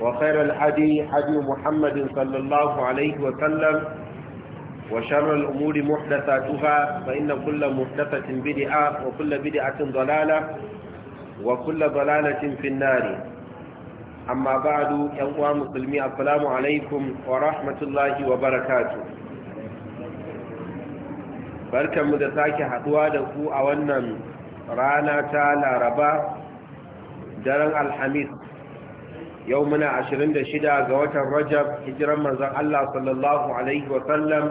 وخير الحدي حدي محمد صلى الله عليه وسلم وشر الأمور محدثاتها فإن كل محدثة بدعة وكل بدعة ضلالة وكل ضلالة في النار أما بعد يوم مسلمي السلام عليكم ورحمة الله وبركاته barkanmu da sake haduwa da ku a wannan rana ta laraba daren alhamis yau muna 26 ga watan rajab hijiran manzan Allah sallallahu Alaihi wasallam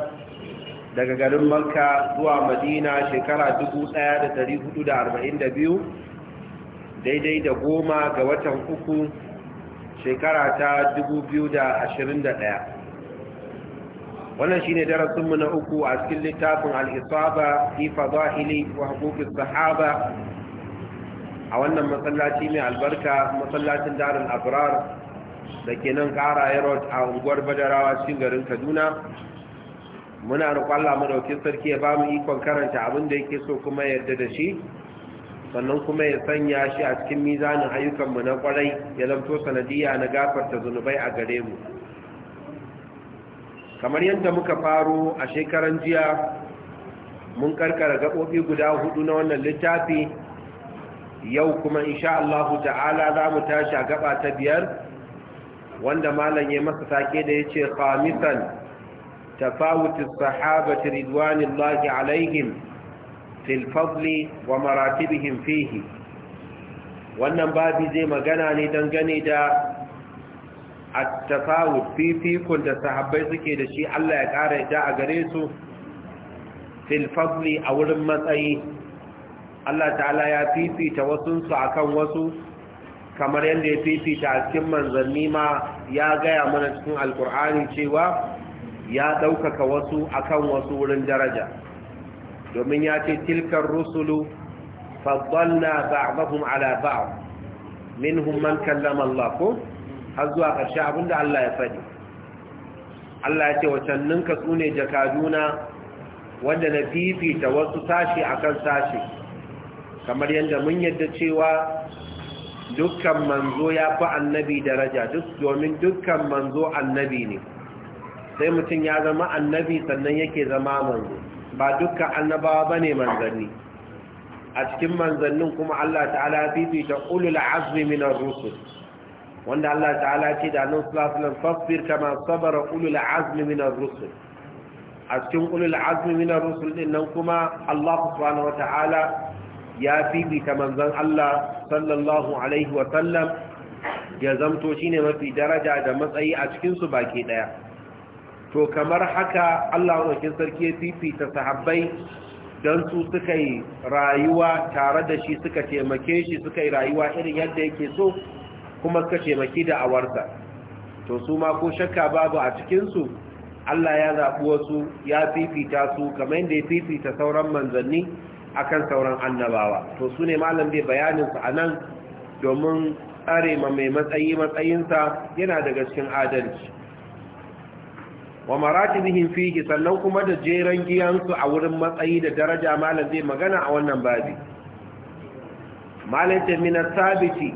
daga garin Makka zuwa madina shekara 1442 daidai da goma ga watan uku shekara ta 2021 wannan shi ne darasinmu na uku a cikin littafin al'isaba Ifa fadahili wa hukukin sahaba a wannan masallaci mai albarka masallacin darin abrar da ke nan kara yarot a unguwar badarawa cikin garin kaduna muna roƙon madaukin sarki ya ba mu ikon karanta abin da yake so kuma yarda da shi sannan kuma ya sanya shi a cikin mizanin ayyukanmu na kwarai ya zamto sanadiyya na gafarta zunubai a gare mu kamar yadda muka faro a shekaran jiya mun karkara gaɓoɓi guda hudu na wannan littafi yau kuma insha Allah ta'ala za mu tashi a gaba ta biyar wanda malam ya masa sake da yace khamisan tafawut as-sahabati ridwanillahi alaihim fil fadli wa maratibihim fihi wannan babi zai magana ne dangane da at-tafawut fifikun da sahabbai suke da shi Allah ya kara da a gare su fil fadli a wurin matsayi Allah ta'ala ya fifita wasunsu a kan wasu kamar yadda ya fifita a cikin manzanni ma ya gaya mana cikin alkur'ani cewa ya ɗaukaka wasu akan kan wasu wurin daraja domin ya ce tilkar rusulu faddalna ba'dhum ala ba'd minhum man kallama Allah ko har zuwa ƙarshe abinda Allah ya faɗi Allah ya ce ka su ne jakaduna wanda na fifita wasu sashi akan sashi kamar yadda mun yadda cewa dukkan manzo ya fi annabi daraja duk domin dukkan manzo annabi ne sai mutum ya zama annabi sannan yake zama manzo ba dukkan annabawa ba ne manzanni a cikin manzannin kuma Allah ta'ala ta ulul azmi ar rusul wanda Allah ta'ala ce da annabi sallallahu alaihi wasallam fasbir kama sabara ulul azmi ar rusul a cikin ulul azmi ar rusul din nan kuma Allah subhanahu ta'ala ya fifita manzon Allah sallallahu alaihi wa sallam ya zamto shine mafi daraja da matsayi a cikinsu baki daya to kamar haka Allah wakin sarki ya fifita sahabbai don su suka yi rayuwa tare da shi suka taimake shi suka yi rayuwa irin yadda yake so kuma suka taimaki da awarsa to su ma ko shakka babu a cikinsu? Allah ya zaɓi wasu ya fifita su kamar yadda ya fifita sauran manzanni akan sauran annabawa to su ne malam bai bayaninsu a nan domin tsare mai matsayi matsayinsa yana daga cikin adalci wa maratibihim fihi sannan kuma da jeran giyansu a wurin matsayi da daraja malam zai magana a wannan babi malam ta min sabiti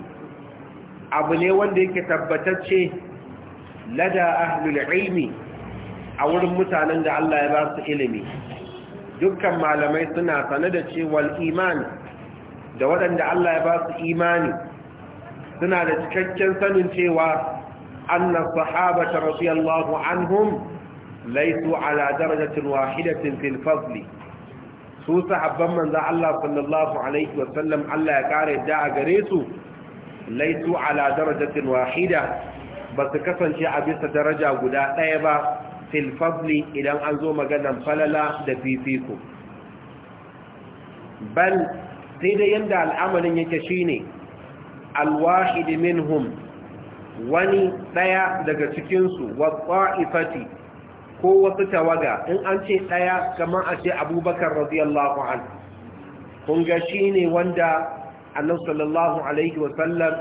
abu ne wanda yake tabbatacce lada ahlul ilmi a wurin mutanen da Allah ya ba su ilimi dukkan malamai suna sane da cewar imani da waɗanda Allah ya ba su imani suna da cikakken sanin cewa anna sahabata radiyallahu anhum laysu ala darajatin wahidatin fil fadli su sahabban manzo Allah sallallahu alaihi wa sallam Allah ya kare da a gare su laysu ala darajatin wahida ba su kasance a bisa daraja guda ɗaya ba fil idan an zo maganan falala da fifiko bal sai da yanda al'amarin yake shine alwahid minhum wani daya daga cikin su wa ko wasu tawaga in an ce daya kamar a ce abubakar radiyallahu anhu kun ga shine wanda annabi sallallahu alaihi wasallam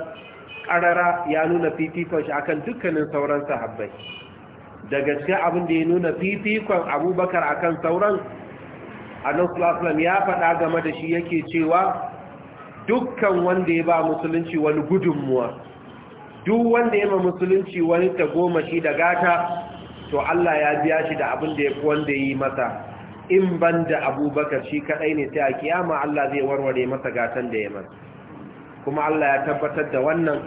karara ya nuna fifikon shi akan dukkanin sauran sahabbai Da gaske abin da ya nuna fifikon abubakar akan sauran annabawan ya faɗa game da shi yake cewa dukkan wanda ya ba musulunci wani gudunmuwa duk wanda ya ma musulunci wani ta goma shi da gata to Allah ya biya shi da abin da ya fi wanda ya yi masa in ban da abubakar shi kaɗai ne sai a kiyama Allah zai warware masa gatan da ya masa kuma Allah ya tabbatar da wannan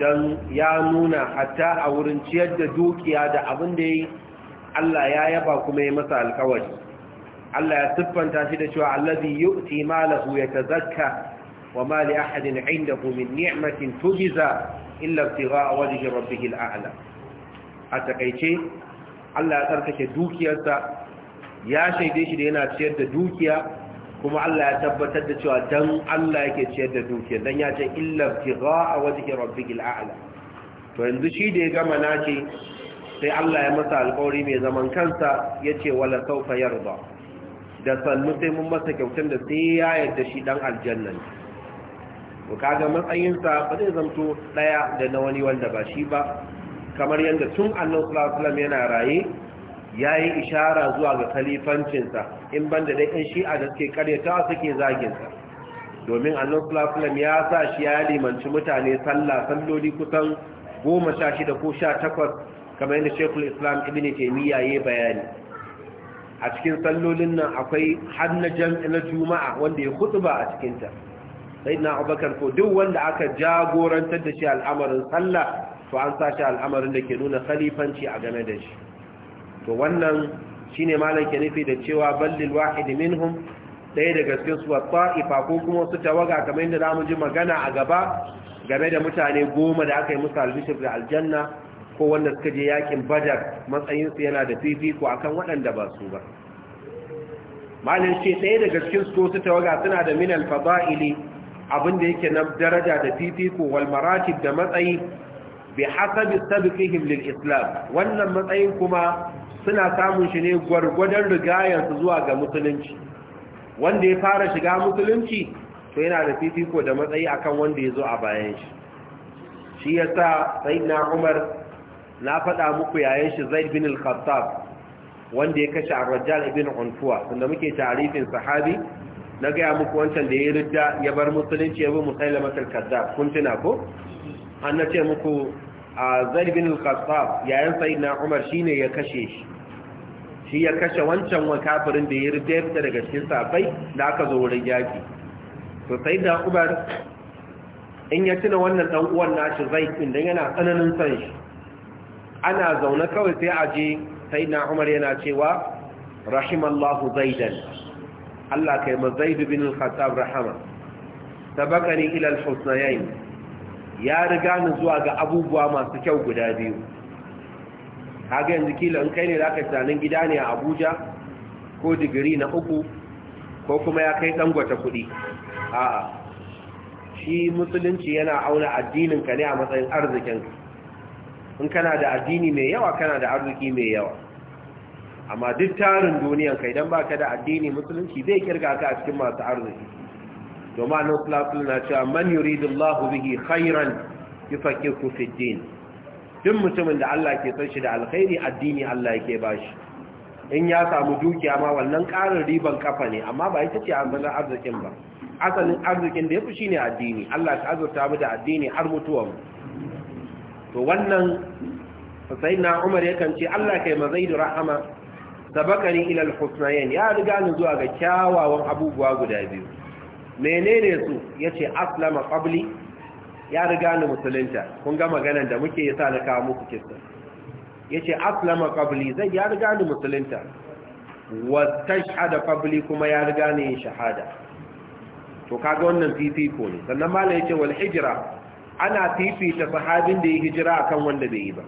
don ya nuna hatta a wurin ciyar da dukiya da abin da ya yi Allah ya yaba kuma ya masa alkawari Allah ya siffanta shi da cewa allazi yu'ti malahu yatazakka wa ma li ahadin 'indahu min ni'matin tujza illa ibtigha'a wajhi rabbih al'a'la a takeice Allah ya tsarkake dukiyarsa ya shaide shi da yana ciyar da dukiya kuma Allah ya tabbatar da cewa dan Allah yake ciyar da dukiya dan ya ce illa a wajhi rabbikil a'la to yanzu shi da ya gama nace sai Allah ya masa alƙawari mai zaman kansa yace wala sawfa yarda da sannu sai mun masa kyautar da sai ya yarda shi dan aljanna ko kaga matsayin sa ba zai zamto daya da na wani wanda ba shi ba kamar yanda tun Annabi sallallahu alaihi wasallam yana raye yayi ishara zuwa ga khalifancin in ban da ɗin shi'a da suke karyata suke zaginsa domin annan sulasulam ya sa shi ya limanci mutane sallah salloli kusan goma sha shida ko sha takwas kamar yadda shekul islam ibn taimiyya ya bayani a cikin sallolin nan akwai har na juma'a wanda ya hutu ba a cikinta sai na abubakar ko duk wanda aka jagorantar da shi al'amarin sallah to an sa shi al'amarin da ke nuna salifanci a game da shi to wannan shine ne ke nufi da cewa ballil wahid minhum ɗaya daga cikin su Ifa, ko kuma su tawaga kamar yadda zamu ji magana a gaba game da mutane goma da aka yi musu albishir da aljanna ko wanda suka je yakin badar matsayinsu yana da fifiko akan waɗanda ba su ba malin ce ɗaya daga cikin su su tawaga suna da min alfada'ili abin da yake na daraja da fifiko wal maratib da matsayi bi hasabi sabiqihim lil islam wannan matsayin kuma suna samun shi ne gwargwadon rigayensu zuwa ga musulunci wanda ya fara shiga musulunci to yana da fifiko da matsayi akan wanda ya zo a bayan shi shi ya sa na umar na faɗa muku yayin shi zaid bin al-khattab wanda ya kashe ar-rajjal ibn unfuwa tunda muke tarifin sahabi na gaya muku wancan da ya ridda ya bar musulunci ya bi musailama al-kazzab kun tuna ko an na ce muku a zaid bin al-khattab yayin sayyidina umar shine ya kashe shi shi ya kashe wancan wa kafirin da ya rubuta daga cikin safai da aka zo wurin yaki to sayyidina umar in ya tuna wannan dan uwan nashi zai, inda yana tsananin san shi ana zaune kawai sai a je sayyidina umar yana cewa rahimallahu zaidan Allah kai ma zaid bin al-khattab rahama sabaqani ila al-husnayn ya riga ni zuwa ga abubuwa masu kyau guda biyu haga yanzu kila in kai ne za ka tunanin gida ne a abuja ko digiri na uku ko kuma ya kai dangwata kuɗi a'a shi musulunci yana auna addininka ne a matsayin arzikinka in kana da addini mai yawa kana da arziki mai yawa amma duk tarin duniyanka idan baka da addini musulunci zai kirga ka a cikin masu arziki domin annan sulatul na cewa man yuridullahu bihi khairan yufaqihu fi din duk mutumin da Allah ke son shi da alkhairi addini Allah ba shi. in ya samu dukiya ma wannan karin riban kafa ne amma ba ita ce amana arzikin ba asalin arzikin da yafi shine addini Allah ka azurta mu da addini har mutuwa mu to wannan sayyidina Umar yakan ce Allah kai mazaidu rahama sabakani ila al ya riga ni zuwa ga kyawawan abubuwa guda biyu menene su yace aslama qabli ya riga ni musulunta kun ga maganar da muke yasa na kawo muku kissa yace aslama qabli zai ya riga ni musulunta wa tashhada qabli kuma ya riga ni shahada to kaga wannan fifiko ne sannan malai yace wal hijra ana fifita sahabin da ya hijira akan wanda bai yi ba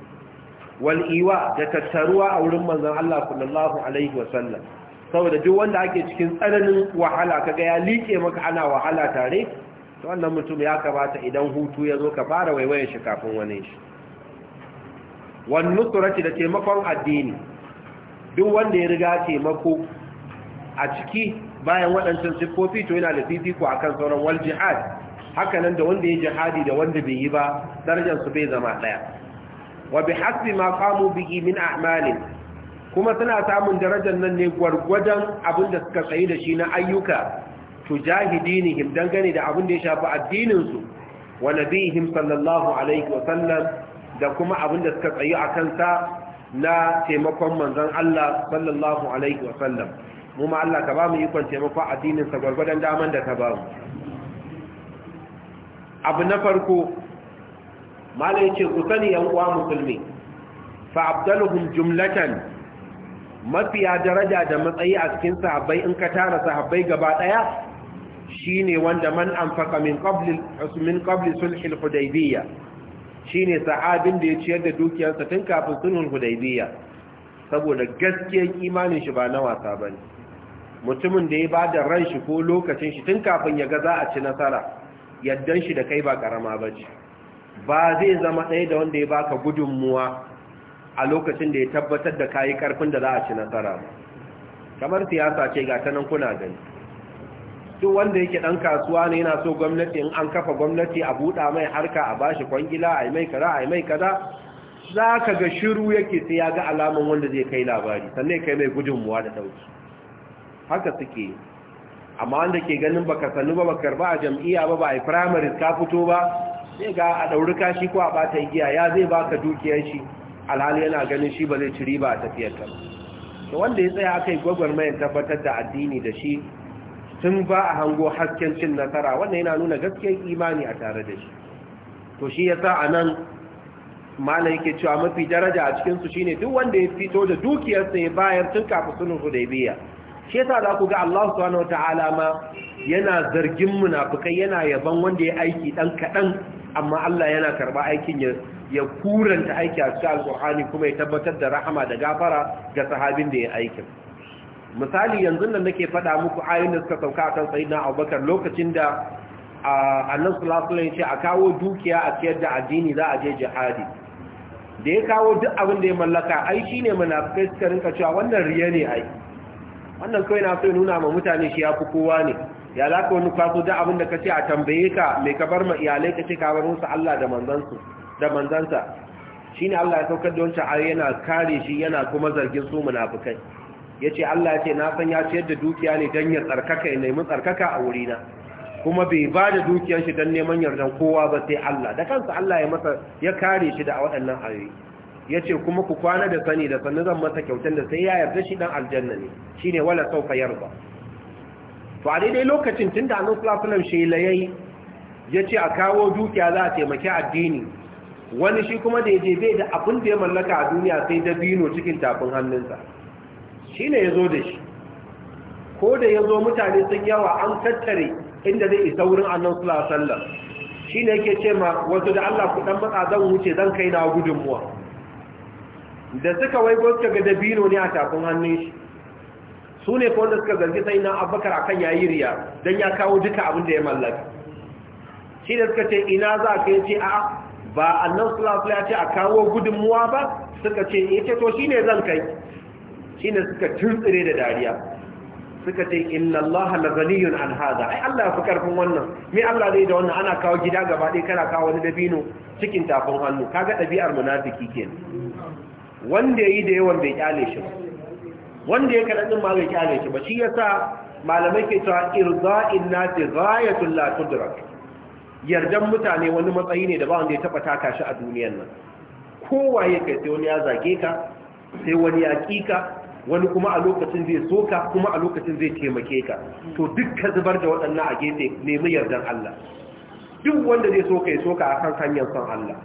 wal iwa da tattaruwa a wurin manzon Allah sallallahu alaihi wasallam saboda duk wanda ake cikin tsananin wahala ka ga ya liƙe maka ana wahala tare to wannan mutum ya kamata idan hutu ya zo ka fara waiwayen shi kafin wani shi wannan surati da taimakon addini duk wanda ya riga taimako a ciki bayan waɗancan siffofi to yana da fifiko a kan sauran wal jihad haka da wanda ya jihadi da wanda bai yi ba darajarsu bai zama ɗaya wa bi hasbi ma qamu bihi min a'malin kuma suna samun darajar nan ne gwargwadon abin da suka tsayi da shi na ayyuka tujahidinihim dangane da abin da ya shafi addininsu wa nabihim sallallahu alaihi wasallam da kuma abin da suka tsayi a kansa na taimakon manzon Allah sallallahu alaihi wasallam mu ma Allah ka ba mu ikon taimakon addininsa gwargwadon daman da ka ba mu abu na farko malai ce ku sani yan uwa musulmi fa abdaluhum jumlatan mafiya daraja da matsayi a cikin sahabbai in ka tara sahabbai gaba daya shine wanda man anfaqa min qabli min qabli sulh al-hudaybiyya shine sahabin da ya ciyar da dukiyarsa tun kafin sulhul hudaybiyya saboda gaskiyar imanin shi ba na wasa bane mutumin da ya bada ran shi ko lokacin shi tun kafin ya ga za a ci nasara yaddan shi da kai ba karama bace ba zai zama ɗaya da wanda ya baka gudunmuwa a lokacin da ya tabbatar da kayi karfin da za a ci nasara kamar siyasa ce ga tanan kuna gani duk wanda yake dan kasuwa ne yana so gwamnati in an kafa gwamnati a buɗa mai harka a bashi kwangila a yi mai kaza a mai kaza za ka ga shiru yake sai ya ga alaman wanda zai kai labari sannan kai mai gudunmuwa da dauki haka suke amma wanda ke ganin baka sannu ba baka karba a jam'iyya ba ba a primaries ka fito ba sai ga a ɗauri kashi ko a bata igiya ya zai baka dukiyar shi alhali yana ganin shi ba zai ci riba a tafiyar ta to wanda ya tsaya aka yi gwagwarmayar tabbatar da addini da shi tun ba a hango hasken cin nasara wannan yana nuna gaskiyar imani a tare da shi to shi yasa a nan mana yake cewa mafi daraja a cikinsu shine duk wanda ya fito da dukiyarsa ya bayar tun kafin sunan hudaybiya shi yasa za ku ga Allah subhanahu ta'ala ma yana zargin munafukai? yana yaban wanda ya aiki dan kaɗan? amma Allah yana karba aikin ya ya kuranta aiki a cikin alkur'ani kuma ya tabbatar da rahama da gafara ga sahabin da ya aikin misali yanzu nan nake faɗa muku ayoyin da suka sauka kan akan sayyidina Abubakar lokacin da annabi sallallahu alaihi wasallam ya ce a kawo dukiya a ciyar da addini za a je jihadi da ya kawo duk abin da ya mallaka ai shine munafikai suka rinka cewa wannan riya ne ai wannan kai na so ya nuna ma mutane shi ya fi kowa ne ya za ka wani kwaso duk abin da ka ce a tambaye ka mai ka bar ma iyalai ka ce ka bar musu Allah da manzansu da manzansa ne Allah ya saukar da wancan ayoyi yana kare shi yana kuma zargin su Ya ce Allah ya ce na san ya ciyar da dukiya ne don ya tsarkaka ya nemi tsarkaka a wurina kuma bai ba da dukiyar shi don neman yardan kowa ba sai Allah da kansa Allah ya ya kare shi da waɗannan ayoyi ce kuma ku kwana da sani da sannu zan masa kyautar da sai ya yarda shi dan aljanna ne Shi ne wala sauka yarda to a daidai lokacin tunda Annabi sallallahu alaihi wasallam shi ya yace a kawo dukiya za a taimaki addini wani shi kuma da ya je bai da abin da ya mallaka a duniya sai dabino cikin tafin hannunsa shi ne ya zo da shi ko da ya zo mutane sun yawa an tattare inda zai isa wurin annan sula sallar. shi ne yake ce ma wasu da allah ku dan matsa zan wuce zan kai na gudunmuwa da suka wai suka ga dabino ne a tafin hannun shi su ne kawai da suka zargi sai na abubakar akan yayi riya don ya kawo duka abin da ya mallaka shi da suka ce ina za ka yi ce a ba annan sallallahu ya ce a kawo gudunmuwa ba suka ce ce to ne zan kai shine suka tuntsire da dariya suka ce inna allaha na ghaniyun an hada ai Allah fi karfin wannan me Allah zai da wannan ana kawo gida gaba ɗaya kana kawo wani dabino cikin tafin hannu kaga ɗabi'ar munafiki kenan wanda yi da yawan bai kyale shi ba wanda ya kaɗan ɗin ma bai kyale shi ba shi yasa malamai ke cewa irza'in nasi ghayatul la tudrak yardan mutane wani matsayi ne da ba wanda ya taba taka shi a duniyar nan kowa ya kai sai wani ya zage ka sai wani ya kika wani kuma a lokacin zai so ka kuma a lokacin zai taimake ka to duk ka zubar da waɗannan a gefe nemi yardan Allah duk wanda zai so kai so ka akan hanyar son Allah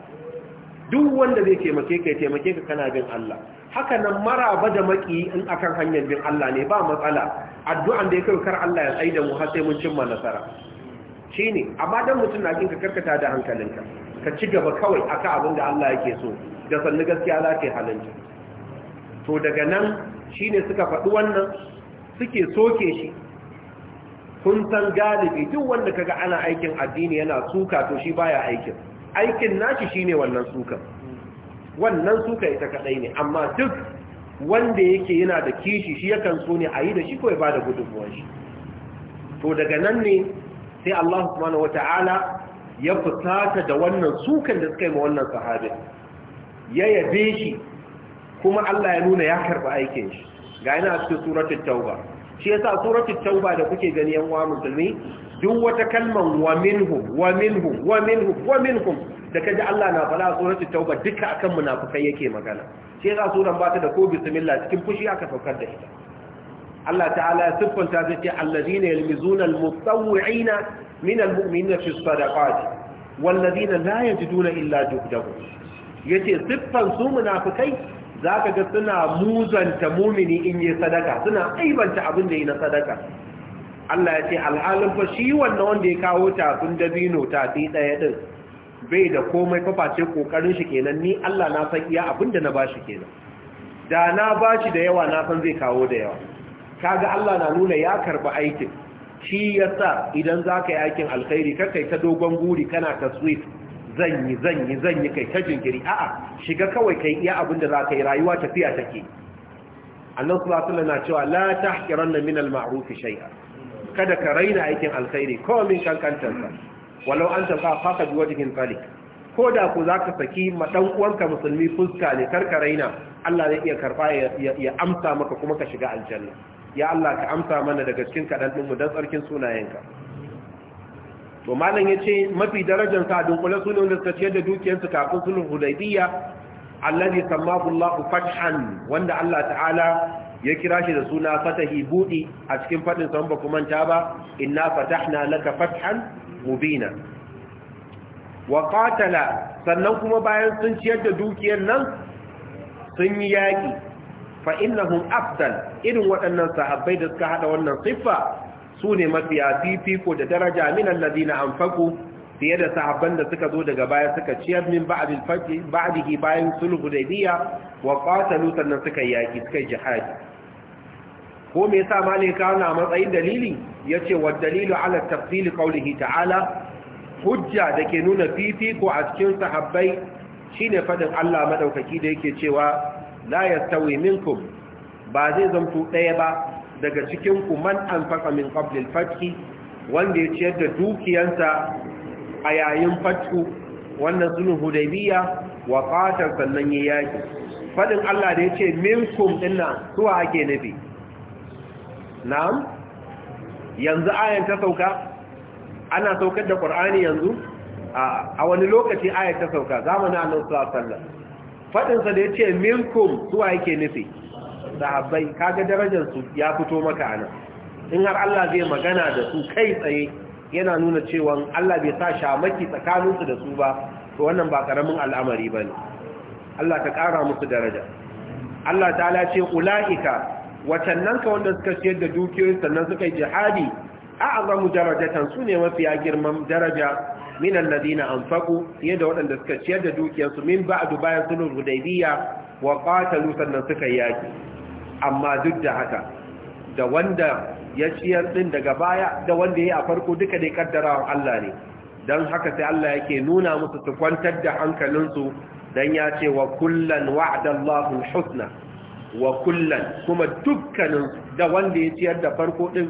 duk wanda zai taimake ka ya taimake ka kana bin Allah haka nan maraba da maki in akan hanyar bin Allah ne ba matsala addu'an da ya kai kar Allah ya tsaida mu har sai mun cimma nasara shi ne amma dan mutum na kinka karkata da hankalinka ka ci gaba kawai ka abin da Allah yake so da sannu gaskiya za ta yi halinta to daga nan shi ne suka faɗi wannan suke soke shi kun san galibi duk wanda kaga ana aikin addini yana suka to shi baya aikin aikin nashi ne wannan sukan wannan suka ita kaɗai ne amma duk wanda yake yana da kishi shi yakan so ne a yi da shi kawai ba da gudunmuwan shi to daga nan ne sai Allah subhanahu wata'ala ya fusata da wannan sukan da suka yi ma wannan sahabin ya yabe shi kuma Allah ya nuna ya karba aikin shi ga yana cikin suratul tauba shi yasa suratul tauba da kuke gani yan uwa musulmi duk wata kalman wa minhum wa minhum wa minhum wa minhum da kaji Allah na fara suratul tauba duka akan munafikai yake magana shi yasa suran ba ta da ko bismillah cikin fushi aka saukar da ita Allah ta'ala ya siffanta ta ce allazina yalmizuna almutawwi'ina min almu'minina fi sadaqati wallazina la yajiduna illa juhdahum yace siffan su munafikai zaka ga suna muzanta mumini in yi sadaka suna aibanta abin da yi na sadaka Allah ya ce alhalin fa shi wannan wanda ya kawo tafin dabino tasi ɗaya ɗin bai da komai faface kokarin shi kenan ni Allah na san iya abin da na bashi kenan da na bashi da yawa na san zai kawo da yawa kaga Allah na nuna ya karba aikin shi yasa idan zaka yi aikin alkhairi kar kai ta dogon guri kana sweet zan yi zan yi zan yi kai ta jinkiri a'a shiga kawai kai iya abin da zaka yi rayuwa tafiya take annabi sallallahu alaihi wasallam cewa la tahqiranna min al-ma'ruf shay'a kada ka raina aikin alkhairi ko min kankantarsa walau an fa faka bi wajhin talik ko da ku zaka saki madan uwanka musulmi fuska ne karka raina Allah zai iya karba ya amsa maka kuma ka shiga aljanna ya Allah ka amsa mana daga cikin kaɗan ɗinmu don tsarkin sunayenka to malam ya ce mafi darajar sa dunkule su ne wanda suka ciyar da dukiyarsu kafin sulhul Allah ne sammahu Allahu fathan wanda Allah ta'ala ya kira shi da suna fatahi budi a cikin fadin sa ba ku manta ba inna fatahna laka fathan mubina wa qatala sannan kuma bayan sun ciyar da dukiyar nan sun yi yaki fa innahum afdal irin waɗannan sahabbai da suka hada wannan siffa su ne mafiya fifiko da daraja min alladhina anfaqu fiye da sahabban da suka zo daga baya suka ciyar min ba'dil fati ba'dihi bayan sulh hudaybiya wa qatalu sannan suka yaki suka jihadi ko me yasa malai ka na matsayin dalili yace wa dalilu ala tafsil qawlihi ta'ala hujja da ke nuna fifiko a cikin sahabbai shine fadin Allah madaukaki da yake cewa la yastawi minkum ba zai zamto ɗaya ba daga cikin ku man faka min qabl al wanda ya ciyar da dukiyarsa a yayin fatku wannan sunu hudaybiya wa qatar sannan ya yaki fadin Allah da yace minkum dinna suwa ake nabi na'am yanzu ayan ta sauka ana saukar da qur'ani yanzu a wani lokaci ayan ta sauka zamanin Annabi sallallahu alaihi wasallam faɗinsa da ya ce minkum zuwa yake nufi sahabbai kaga darajarsu ya fito maka ana in har Allah zai magana da su kai tsaye yana nuna cewa Allah bai sa shamaki tsakaninsu da su ba to wannan ba karamin al'amari ba ne Allah ta ƙara musu daraja Allah ta ce ula'ika watannan ka wanda suka ciyar da dukiyoyi sannan suka yi jihadi a azamu darajatan su ne mafiya girman daraja min alladhina anfaqu fiye da waɗanda suka ciyar da dukiyarsu min a dubayan sulhul hudaibiya, wa qatalu sannan suka yaki amma duk da haka da wanda ya ciyar ɗin daga baya da wanda yi a farko duka dai kaddarawa Allah ne don haka sai Allah yake nuna musu su kwantar da hankalinsu don ya ce wa kullan wa'adallahu husna wa kullan kuma dukkanin da wanda ya ciyar da farko ɗin,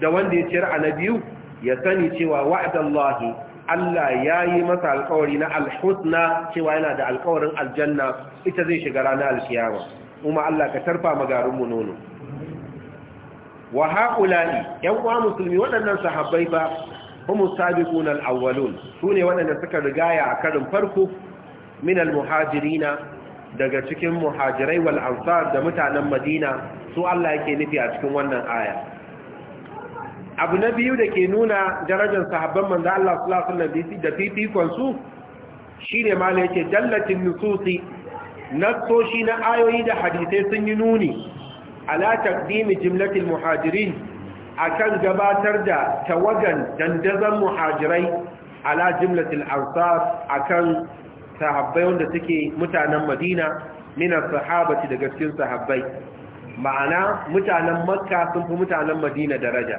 da wanda ya ciyar a na biyu ya sani cewa wa'adallahi Allah ya yi masa alkawari na alhusna cewa yana da alkawarin aljanna ita zai shiga ranar alkiyama kuma Allah ka tarfa magarinmu nono wa haƙulani ‘yan uwa musulmi waɗannan sahabbai ba kuma sabiqun al-awwalun sune waɗanda suka rigaya a karin farko min muhajirina daga cikin muhajirai wal ansar da mutanen Madina su Allah yake nufi a cikin wannan aya abu na biyu da ke nuna darajar sahabban manzo Allah sallallahu alaihi wasallam da fifikon su shine mala yake dallatin nususi nasoshi na ayoyi da hadisai sun yi nuni ala taqdimi jumlatil muhajirin akan gabatar da tawagan dandazan muhajirai ala jumlatil ansar akan sahabbai wanda suke mutanen Madina minas sahabati daga cikin sahabbai ma'ana mutanen Makka sun fi mutanen Madina daraja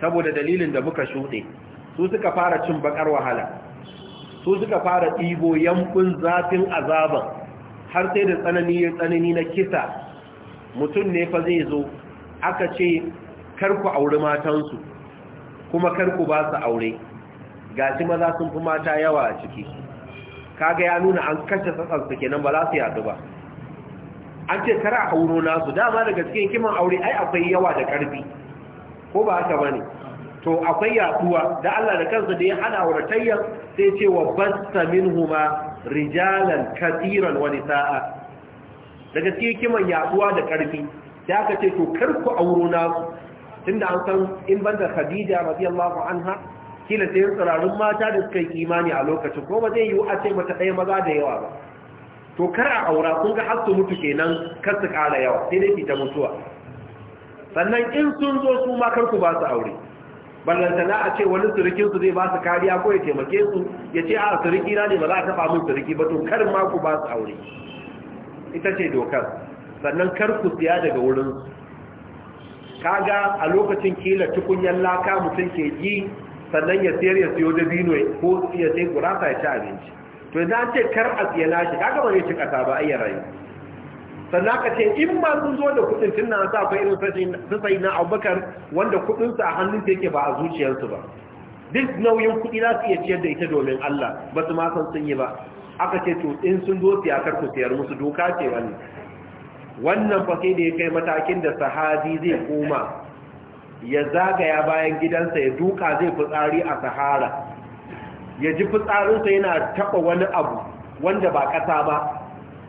saboda dalilin da muka shuɗe su suka fara cin bakar wahala su suka fara ɗigo yankun zafin azaban har sai da tsanani ya tsanani na kisa mutum ne fa zai zo aka ce karku auri matansu kuma karku ba su aure gashi maza sun fi mata yawa a ciki kaga ya nuna an kashe su kenan ba za su yadu ba an ce kara auro nasu dama daga cikin kiman aure ai akwai yawa da ƙarfi ko ba haka bane to akwai yaduwa da Allah da kansa da ya hana auratayyar sai ce wa basta minhuma rijalan katiran wa nisaa daga cikin kiman yaduwa da karfi sai aka ce to karku aurona tunda an san in banda Khadija radiyallahu anha kila sai tsararun mata da suka yi imani a lokacin ko ba zai yi a ce mata ɗaya maza da yawa ba to kar a aura kun ga har mutu kenan kar su ƙara yawa sai dai fita mutuwa sannan in sun zo su ma karku ku ba su aure ballantana a ce wani surukin su zai ba su kariya ko ya taimake su ya ce a suruki na ne ba za a taba mun suruki ba to kar ma ku ba su aure ita ce dokar sannan kar ku siya daga wurin kaga a lokacin kila tukunyar laka mutum ke ji sannan ya sayar ya siyo dabino ko ya sai gurasa ya ci abinci to idan ce kar a siya nashi kaga ba zai ci kasa ba ayyar rayu sannan ka ce in ma sun zo da kudin tun na sa akwai irin sai na abubakar wanda kudinsu a hannunsa yake ba a zuciyarsu ba duk nauyin kudi za su iya ciyar da ita domin Allah ba su ma san sun yi ba aka ce to in sun zo siyakar ku siyar musu doka ce wannan wannan fa sai da ya kai matakin da sahabi zai koma ya zagaya bayan gidansa ya duka zai fitsari a sahara ya ji fitsarinsa yana taɓa wani abu wanda ba ƙasa ba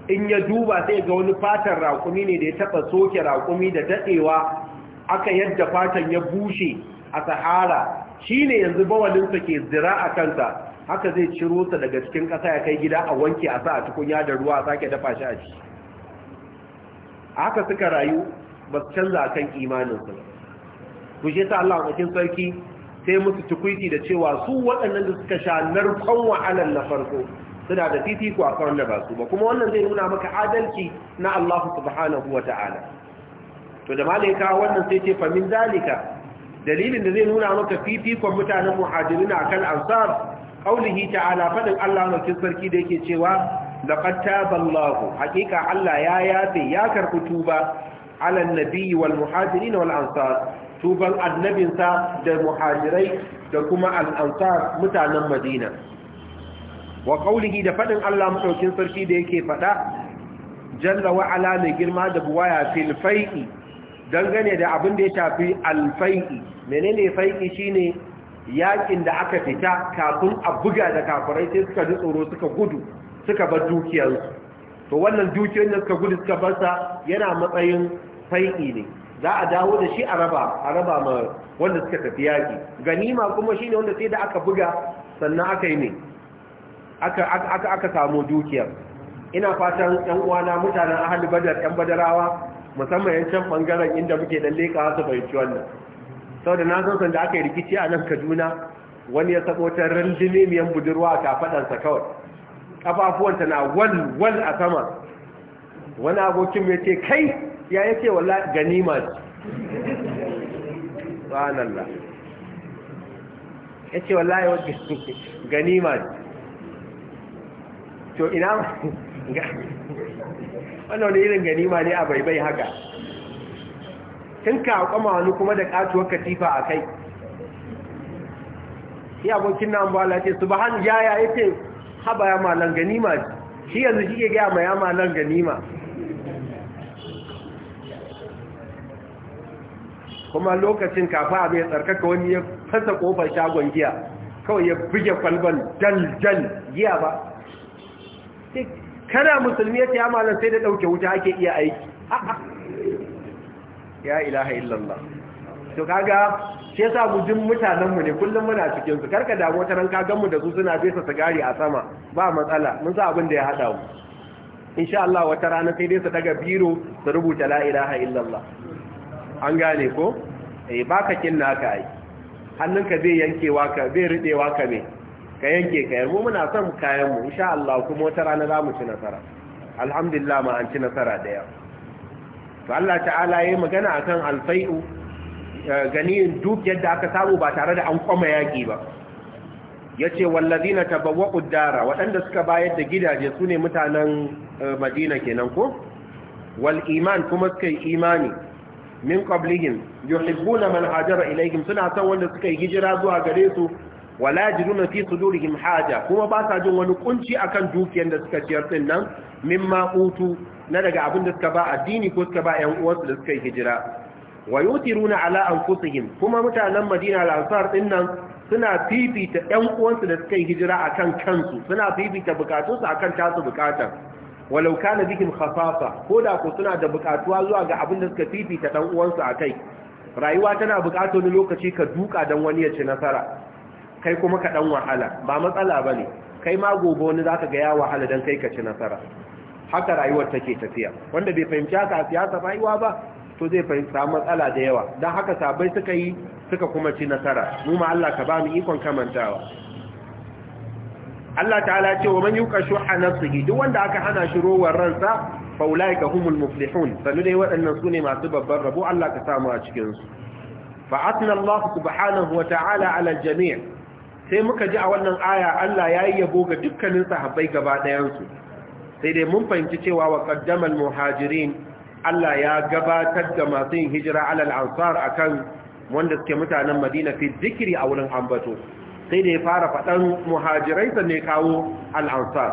in ya duba sai ga wani fatan raƙumi ne da ya taɓa soke raƙumi da daɗewa aka yadda fatan ya bushe a sahara shi ne yanzu bawalinsa ke zira a kansa haka zai ciro sa daga cikin ƙasa ya kai gida a wanke a sa a tukunya da ruwa a sake dafa shi a shi haka suka rayu ba su canza a kan imaninsu ku shi ta Allah a sarki sai musu tukwiti da cewa su waɗannan da suka sha narkon wa'alan na farko suna da fifiko a kan wanda ba ba kuma wannan zai nuna maka adalci na Allah subhanahu wa ta'ala to da malaika wannan sai ce famin min zalika dalilin da zai nuna maka fifikon mutanen muhajirin akan ansar qaulihi ta'ala fadin Allah mai sarki da yake cewa laqad taballahu hakika Allah ya yafe ya karɓi tuba ala annabi wal muhajirin wal ansar tuban annabinsa da muhajirai da kuma al ansar mutanen Madina wa qaulihi da fadin Allah mutaukin sarki da yake fada jalla wa ala mai girma da buwaya fil fai'i dangane da abin da ya tafi al fai'i menene fai'i shine yakin da aka fita kafin a buga da kafirai sai suka ji tsoro suka gudu suka bar dukiyarsu to wannan dukiyar da suka gudu suka bar sa yana matsayin fai'i ne za a dawo da shi a raba ma wanda suka tafi yaki ganima kuma shine wanda sai da aka buga sannan aka yi ne aka samu dukiyar ina fatan yan uwana mutanen ahli badar yan badarawa musamman yan can bangaren inda muke dan leka su fahimci wannan saboda na san da aka yi rikici a nan Kaduna wani ya sako ta rindime budurwa a kafadansa kawai kafafuwanta na wal wal a sama wani abokin mai ce kai ya yake walla ganima ce subhanallah yace wallahi ganima ce to ina wannan wani irin ganima ne a bai haka tun ka kwama wani kuma da katuwar katifa a kai shi abokin nan bala ce su ba hannu yaya ya ce haba ya malan ganima shi yanzu shi ke gaya ma ya malan ganima kuma lokacin kafa abin ya tsarkaka wani ya fasa kofar shagon giya kawai ya buge kwalban dal dal giya ba kana musulmi ya ce ya malam sai da ɗauke wuta ake iya aiki ya ilaha illallah to kaga shi yasa mu jin mutanenmu ne kullum muna cikin su karka damu wata ran kagan mu da su suna fesa sigari a sama ba matsala mun sa abin da ya hada mu insha Allah wata rana sai dai su daga biro su rubuta la ilaha illallah an gane ko eh baka kinna ka ai hannunka zai yankewa ka zai rudewa ka ne ka yanke ka yarmu muna son kayan mu insha Allah kuma wata rana za mu ci nasara alhamdulillah ma an ci nasara da yawa to Allah ta'ala yayi magana akan alfai'u eh, Gani duk yadda aka samu ba tare da an kwama yaki ba yace wallazina tabawwa'u dara waɗanda suka bayar da gidaje sune mutanen eh, Madina kenan ko wal iman kuma suka yi imani min qablihim yuhibbuna man hajara ilaihim suna son wanda suka yi hijira zuwa gare su wala jiduna fi sudurihim haja kuma ba sa jin wani kunci akan dukiyar da suka ciyar din nan mimma utu na daga abin da suka ba addini ko suka ba ƴan uwansu da suka yi hijira wa yutiruna ala anfusihim kuma mutanen Madina al-Ansar din nan suna fifita ƴan uwansu da suka yi hijira akan kansu suna fifita bukatunsu akan tasu bukatan. walau kana bihim khasasa ko da ko suna da bukatuwa zuwa ga abin da suka fifita ɗan uwansu akai rayuwa tana bukatar lokaci ka duka dan wani ya ci nasara kai kuma ka dan wahala ba matsala bane kai ma gobe wani zaka ga ya wahala dan kai ka ci nasara haka rayuwar take tafiya wanda bai fahimci haka siyasa rayuwa ba to zai fahimta matsala da yawa dan haka sabai suka yi suka kuma ci nasara mu ma Allah ka ba mu ikon kamantawa Allah ta'ala ce wa man yuqa shuha nafsihi duk wanda aka hana shi rowar ransa fa ulaika humul muflihun sanu dai waɗannan sune masu babban rabo Allah ka samu a cikin su fa atna Allah subhanahu wa ta'ala ala jami' sai muka ji a wannan aya Allah ya yi yabo ga dukkanin sahabbai gaba ɗayansu sai dai mun fahimci cewa wa qaddamal muhajirin Allah ya gabatar da masu yin hijira alal ansar akan wanda suke mutanen Madina fi zikiri a wurin ambato sai dai ya fara faɗan muhajirai sannan kawo al ansar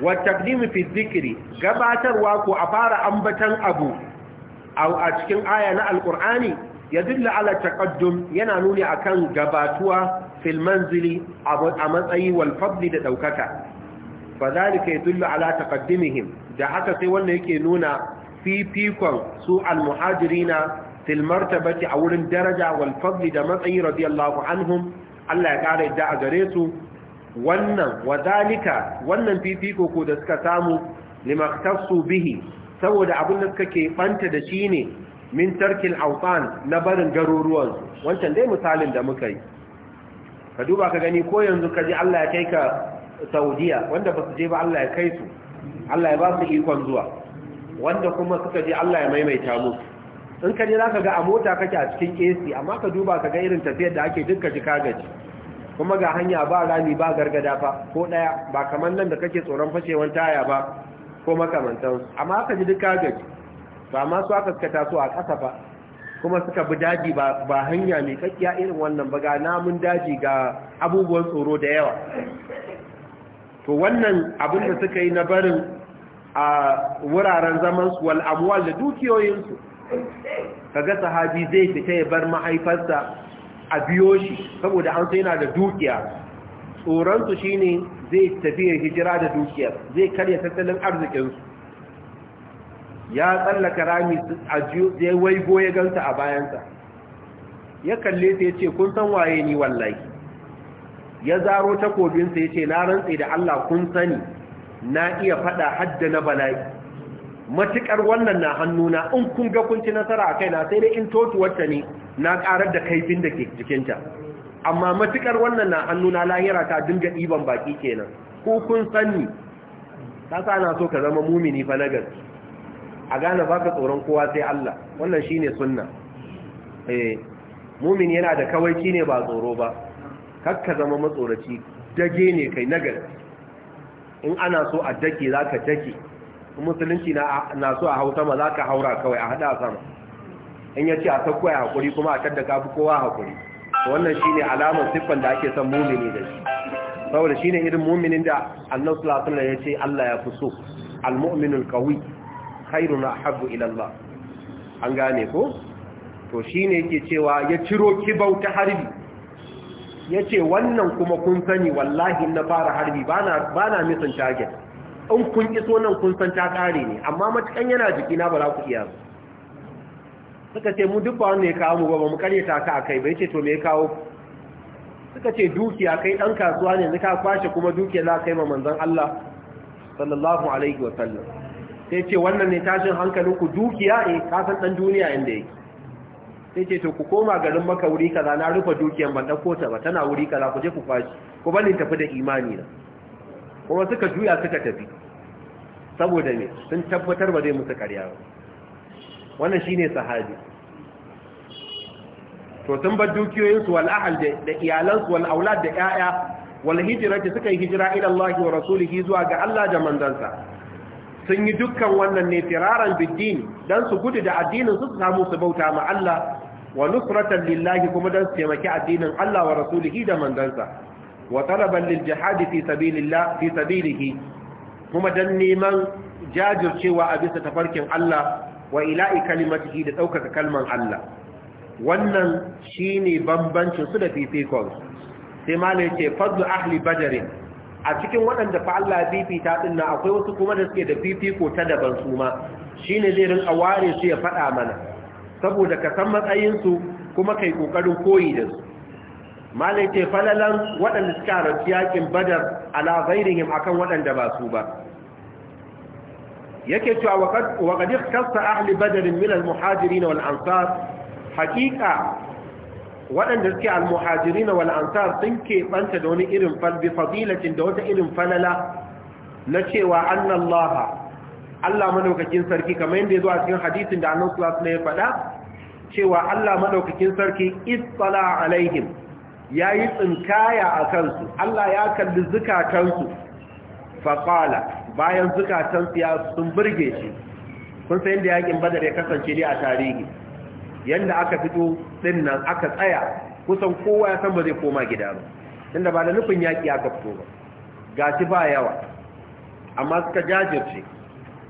wa taqdim fi zikiri gabatarwa ko a fara ambatan abu a cikin aya na alqur'ani ya dilla ala taqaddum yana nuni akan gabatuwa fil manzili a matsayi wal fadli da daukaka fadhalika yadullu ala taqaddimihim da haka sai wannan yake nuna fifikon su al muhajirina fil martabati a wurin daraja wal fadli da matsayi radiyallahu anhum Allah ya kare da a gare su wannan wadhalika wannan fifiko ko da suka samu limaktasu bihi saboda abin da suka ke banta da shi ne min tarkil autan na barin garuruwansu wancan dai misalin da muka yi ka duba ka gani ko yanzu ka ji Allah ya kai ka Saudiya wanda ba su je ba Allah ya kai su Allah ya ba su ikon zuwa wanda kuma suka je Allah ya maimaita mu. in ka je za ka ga a mota kake a cikin AC amma ka duba ka ga irin tafiyar da ake dukka ji kagaji kuma ga hanya ba rami ba gargada fa ko daya ba kamar nan da kake tsoron fashewar taya ba ko makamantansu amma ka ji duk kagaji ba ma su aka suka taso a ƙasa ba kuma suka bi daji ba hanya mai kakkiya irin wannan ba ga namun daji ga abubuwan tsoro da yawa to wannan abin da suka yi na barin a wuraren zamansu wal da dukiyoyinsu ka ga sahabi zai fita ya bar mahaifarsa a biyo shi saboda an sai yana da dukiya tsoronsu shi ne zai tafiya hijira da dukiyar zai karya tattalin arzikinsu ya tsallaka rami ya waigo ya ganta a bayansa ya kalle ta ya ce kun san waye ni wallahi ya zaro takobinsa ya ce na rantse da Allah kun sani na iya fada hadda na bala'i matukar wannan na hannuna in kun ga kun ci nasara a kaina sai dai in totuwarta ne na karar da kaifin da ke jikinta amma matukar wannan na hannuna lahira ta dinga ɗiban baki kenan ko kun sani ta sa na so ka zama mumini fa na gaske a gane baka tsoron kowa sai Allah wannan shine sunna eh mumin yana da kawaici ne ba tsoro ba kakka zama matsoraci dage ne kai nagar in ana so a dake ka dake musulunci na so a hauta ma ka haura kawai a hada sama in ya ce a sakko ya haƙuri kuma a taddaka fi kowa haƙuri. wannan shine alamar siffan da ake son mumini da shi saboda shine irin muminin da annan sulatun alaihi wasallam Allah ya fi so al-mu'minul qawi khairun ahabbu ila Allah an gane ko to shine yake cewa ya ciro kibau ta harbi yace wannan kuma kun sani wallahi na fara harbi bana bana misin target in kun kiso nan kun san ta kare ne amma matakan yana jiki na ba za ku iya suka ce mu duk ba wanda ya kawo mu ba mu karyata ka kai ba ce to me ya kawo suka ce dukiya kai Ɗan kasuwa ne zaka kwashe kuma dukiya za kai ma manzon Allah sallallahu alaihi wa sallam sai ce wannan ne tashin hankalinku dukiya a eh, kasan ɗan duniya inda yake sai ce to ku koma garin maka wuri kaza na rufe dukiyan ban ɗauko ta ba tana wuri kaza ku je ku kwashi ku bani tafi da imani na kuma suka juya suka tafi saboda ne sun tabbatar ba zai musu karya ba wannan shi ne sahabi to sun bar dukiyoyinsu wal'ahal da iyalansu wal da 'ya'ya wal hijra suka yi hijira ila wa rasulihi zuwa ga Allah da manzansa sun yi dukkan wannan ne firaran biddini don su gudu da addinin su samu su bauta ma Allah wa nusratan lillahi kuma don su taimaki addinin Allah wa rasulihi da mandansa wa talaban lil jihadi fi sabilillah fi sabilihi kuma don neman jajircewa a bisa tafarkin Allah wa ila'i kalimatihi da ɗaukaka kalman Allah wannan shine bambancin su da fifikon sai malai ce fadlu ahli badarin a cikin waɗanda fa Allah fifita din akwai wasu kuma da suke da fifiko ta daban su ma shine zai rinka ware su ya faɗa mana saboda ka san matsayin su kuma kai kokarin koyi da su malai ce falalan waɗanda suka rafi yakin badar ala ghairihim akan waɗanda ba su ba yake cewa wa qad kasta ahli badr min al muhajirin wal ansar haqiqa waɗanda suke almuhajirina wal ansar sun keɓanta da wani irin falbi fadilacin da wata irin falala na cewa annallaha Allah madaukakin sarki kamar yadda ya zo a cikin hadisin da annan sulasu na ya faɗa cewa Allah madaukakin sarki isfala alaihim yi tsinkaya a kansu Allah ya kalli zukatansu faƙala bayan zukatansu ya sun burge shi kun sayin da yaƙin badar ya kasance ne a tarihi yanda aka fito din nan aka tsaya kusan kowa ya san ba zai koma gida ba tunda ba da nufin yaki aka fito ba gashi ba yawa amma suka jajirce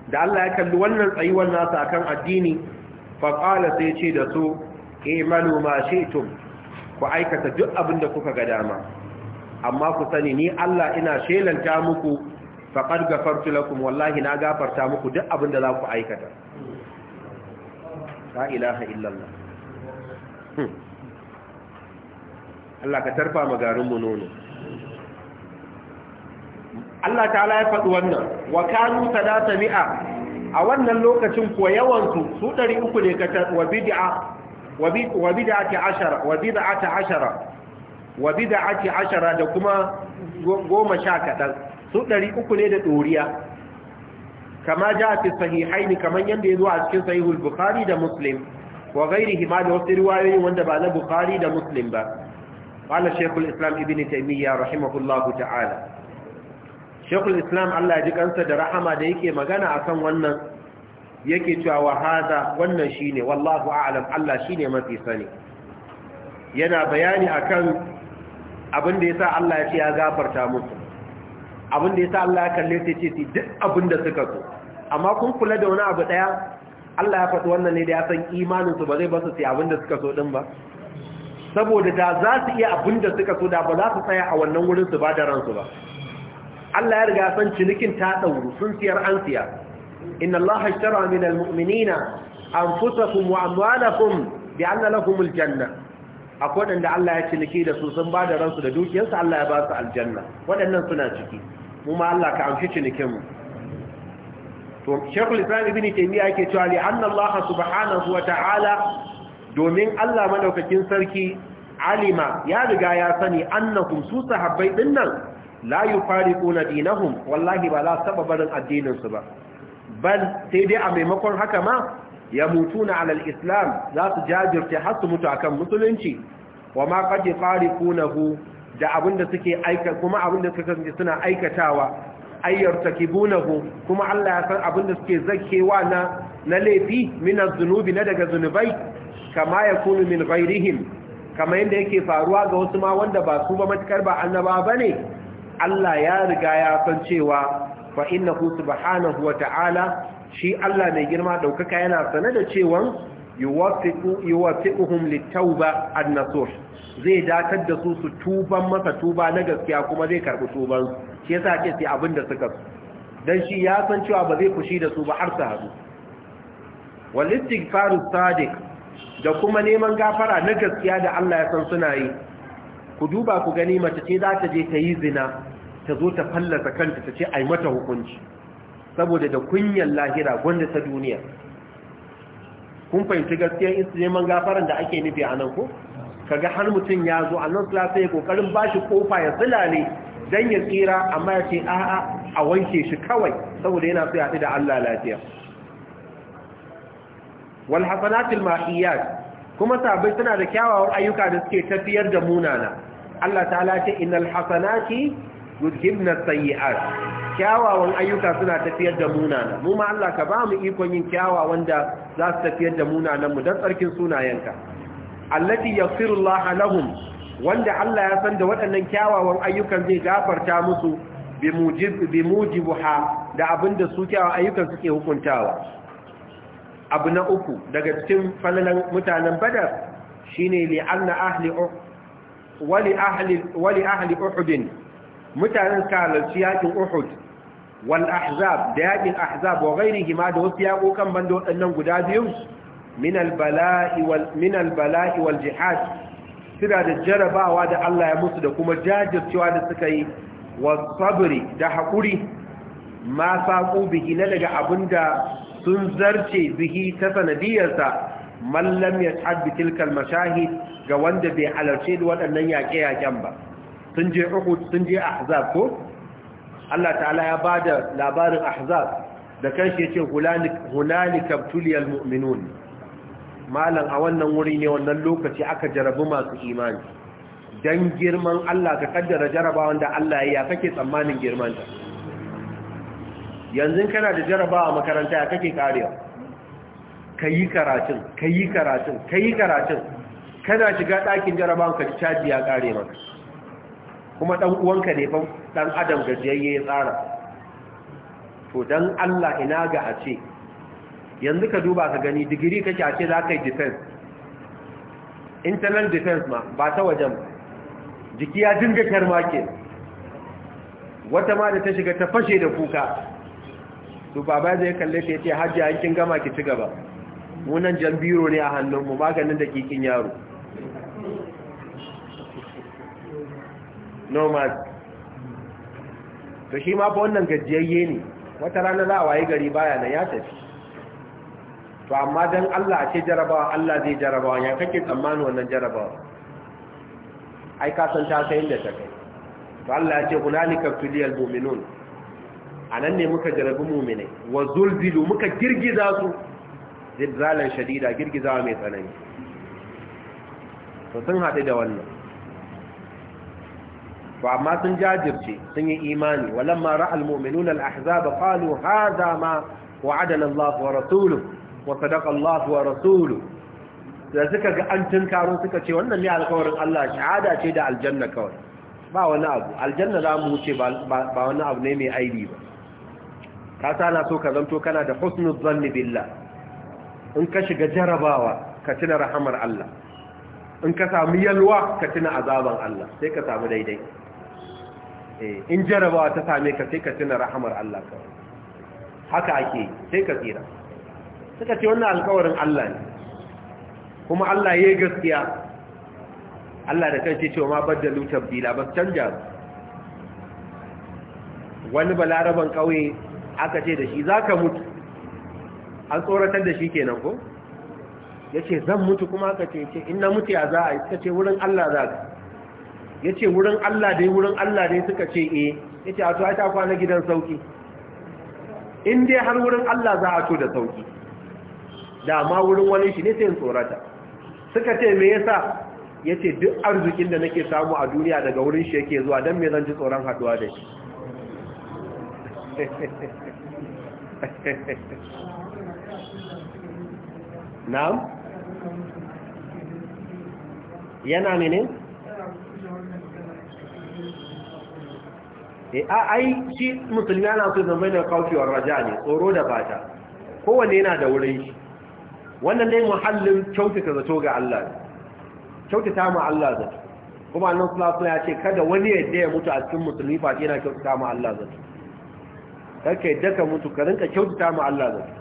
da Allah ya kalli wannan tsayuwar nasa akan addini fa qala sai ce da su imanu ma shi'tum ku aikata duk abin da kuka ga dama amma ku sani ni Allah ina shelanta muku qad gafartu lakum wallahi na gafarta muku duk abin da za ku aikata la ilaha illallah hmm. Allah ka tarfa magarinmu nono Allah ta ya faɗi wannan wa kanu talata mi'a a wannan lokacin kuwa yawansu su ɗari uku ne ka wa bid'a wa bid'ati ashara wa bid'ati ashara wa bid'ati ashara da kuma goma sha kaɗan su ɗari uku ne da ɗoriya kama ja fi sahihaini kaman yanda zo a cikin sahihul bukhari da muslim wa ghairihi ma da wasu riwayoyi wanda ba na bukhari da muslim ba qala shaykhul islam ibn taymiyyah rahimahullahu ta'ala shaykhul islam Allah ya ji kansa da rahama da yake magana akan wannan yake cewa wa hada wannan shine wallahu a'lam Allah shine mafi sani yana bayani akan abin da yasa Allah ya ce ya gafarta musu abin da yasa Allah ya kalle sai ce duk abin da suka so amma kun kula da wani abu daya Allah ya faɗi wannan ne da ya san imaninsu ba zai basu sai abin da suka so din ba saboda da za su iya abin da suka so da ba za su tsaya a wannan wurin su ba da ransu ba Allah ya riga san cinikin ta dauru sun siyar an siya inna Allah hashtara min almu'minina anfusakum wa amwalakum bi anna lakum aljanna akwai da Allah ya ciniki da su sun ba da ransu da dukiyarsu Allah ya ba su aljanna waɗannan suna ciki mu ma Allah ka amshi cinikin mu to shekul islam ibn ake yake cewa li anna allah subhanahu wa ta'ala domin allah madaukakin sarki alima ya riga ya sani annakum su sahabbai dinnan la yufariquna dinahum wallahi ba la saba barin addinin su ba bal sai dai a maimakon haka ma ya mutuna alal islam za su jajirce har su mutu akan musulunci wa ma qad yufariqunahu da abinda suke aika kuma abinda suka suna aikatawa ayyar takibunahu kuma Allah ya san abinda suke zakewa na na laifi min az-zunubi na daga zunubai kama yakunu min ghairihim kama yanda yake faruwa ga wasu ma wanda ba su ba matakar ba annaba bane Allah ya riga ya san cewa fa innahu subhanahu wa ta'ala shi Allah mai girma daukaka yana sane da cewa yuwaffiqu yuwaffiquhum lit-tauba an-nasuh zai datar da su su tuban masa tuba na gaskiya kuma zai karbi tuban su shi yasa ake sai abin da suka su dan shi ya san cewa ba zai kushi da su ba har su hadu wal istighfaru sadiq da kuma neman gafara na gaskiya da Allah ya san suna yi ku duba ku gani mace ce za ta je ta yi zina ta zo ta fallasa kanta ta ce ai mata hukunci saboda da kunyan lahira gwanda ta duniya kun fahimci gaskiya in su neman gafaran da ake nufi a nan ko kaga har mutum ya zo a nan sai ya kokarin bashi kofa ya tsilale dan ya tsira amma ya ce a'a a wanke shi kawai saboda yana so ya da Allah lafiya wal hasanatil kuma sabai suna da kyawawan ayyuka da suke tafiyar da munana Allah ta'ala ce innal hasanati yudhibna sayyi'at kyawawan ayyuka suna tafiyar da munana mu ma Allah ka ba mu ikon yin kyawawan da za su tafiyar da munanan mu dan tsarkin sunayenka allati yaghfirullahu lahum wanda Allah ya san da waɗannan kyawawan ayyukan zai gafarta musu bi mujibuha da da su kyawawan ayyukan suke hukuntawa abu na uku daga cikin falalan mutanen badar shine ne wali ahli Uhudin. mutanen kalarci yakin uhud wal ahzab da yakin ahzab wa gairi ma da wasu kan banda waɗannan guda biyu min bala'i wal bala'i wal jihad suna da jarabawa da Allah ya musu da kuma jajircewa da suka yi wa sabri da haƙuri ma saƙo bihi na daga abinda sun zarce bihi ta sanadiyarsa mallam ya tabbi tilkal mashahid ga wanda bai halarce da waɗannan yaƙe-yaƙen ba sun je uku sun je Ahzab ko Allah ta'ala ya ba da labarin Ahzab da kanshi yace hunani tuliyal mu'minun malam a wannan wuri ne wannan lokaci aka jarabi masu imani Don girman Allah ka kaddara jarabawan da Allah ya kake tsammanin girmanta yanzu kana da jarabawa makaranta ya kake karewa kayi karatun kayi karatun yi karatun kana shiga ɗakin jarabawan ka caji ya kare maka kuma ɗan uwanka ne ɗan adam gajiyayye ya tsara to don Allah ina ga a ce yanzu ka duba ka gani digiri kake ake za ka yi defense internal defense ma ba ta wajen jiki ya dinga kyarma ke wata ma da ta shiga ta fashe da kuka to baba zai kalle ta yake hajji a kin gama ki ci gaba jan biro ne a hannunmu maganin da kikin yaro nomad to shi ma fa wannan gajiyayye ne wata rana za a waye gari baya na ya tafi to amma dan Allah a ce jarabawa Allah zai jarabawa ya kake tsammanin wannan jarabawa ai ka san ta sayin da ta kai to Allah ya ce hunalika tuliyal mu'minun anan ne muka jarabi mu'minai wa zulzilu muka girgiza su zilzalan shadida girgizawa mai tsanani to sun hadu da wannan to amma sun jajirce sun yi imani walamma ra'al mu'minuna al-ahzaba qalu hadha ma wa'adana Allah wa rasuluhu wa sadaqa Allah wa rasuluhu da suka ga an tunkaro suka ce wannan ne alƙawarin Allah shahada ce da aljanna kawai ba wani abu aljanna za mu wuce ba wani abu ne mai aibi ba ka sa na so ka zanto kana da husnul zanni billah in ka shiga jarabawa ka tuna rahamar Allah in ka samu yalwa ka tuna azaban Allah sai ka samu daidai eh, in jarabawa ta same ka sai ka tuna rahamar Allah kawai haka ake sai ka tsira suka ce wannan alkawarin Allah ne kuma Allah ya yi gaskiya Allah da kai ce cewa ma lutar bila, ba canja ba wani balaraban kauye aka ce da shi za ka mutu an tsoratar da shi kenan ko ya ce zan mutu kuma aka ce ce in na mutu ya za a yi suka ce wurin Allah za ka ya ce wurin Allah dai wurin Allah dai suka ce eh ya ce a to ta kwana gidan sauki in dai har wurin Allah za a to da sauki da ma wurin wani shi ne sai tsorata suka ce me yasa yace duk arzikin da nake samu a duniya daga wurin shi yake zuwa dan me zan ji tsoron haduwa da shi na'am yana ne? e eh, a ai shi musulmi ana so zama da kawfewar raja ne tsoro da fata kowanne yana da wurin shi wannan dai muhallin kyautata zato ga Allah ne kyautata ma Allah zato kuma alaihi wasallam ya ce kada wani yadda ya mutu a cikin musulmi fati yana kyautata ma Allah zato karka yadda daka mutu ka rinka kyautata ma Allah zato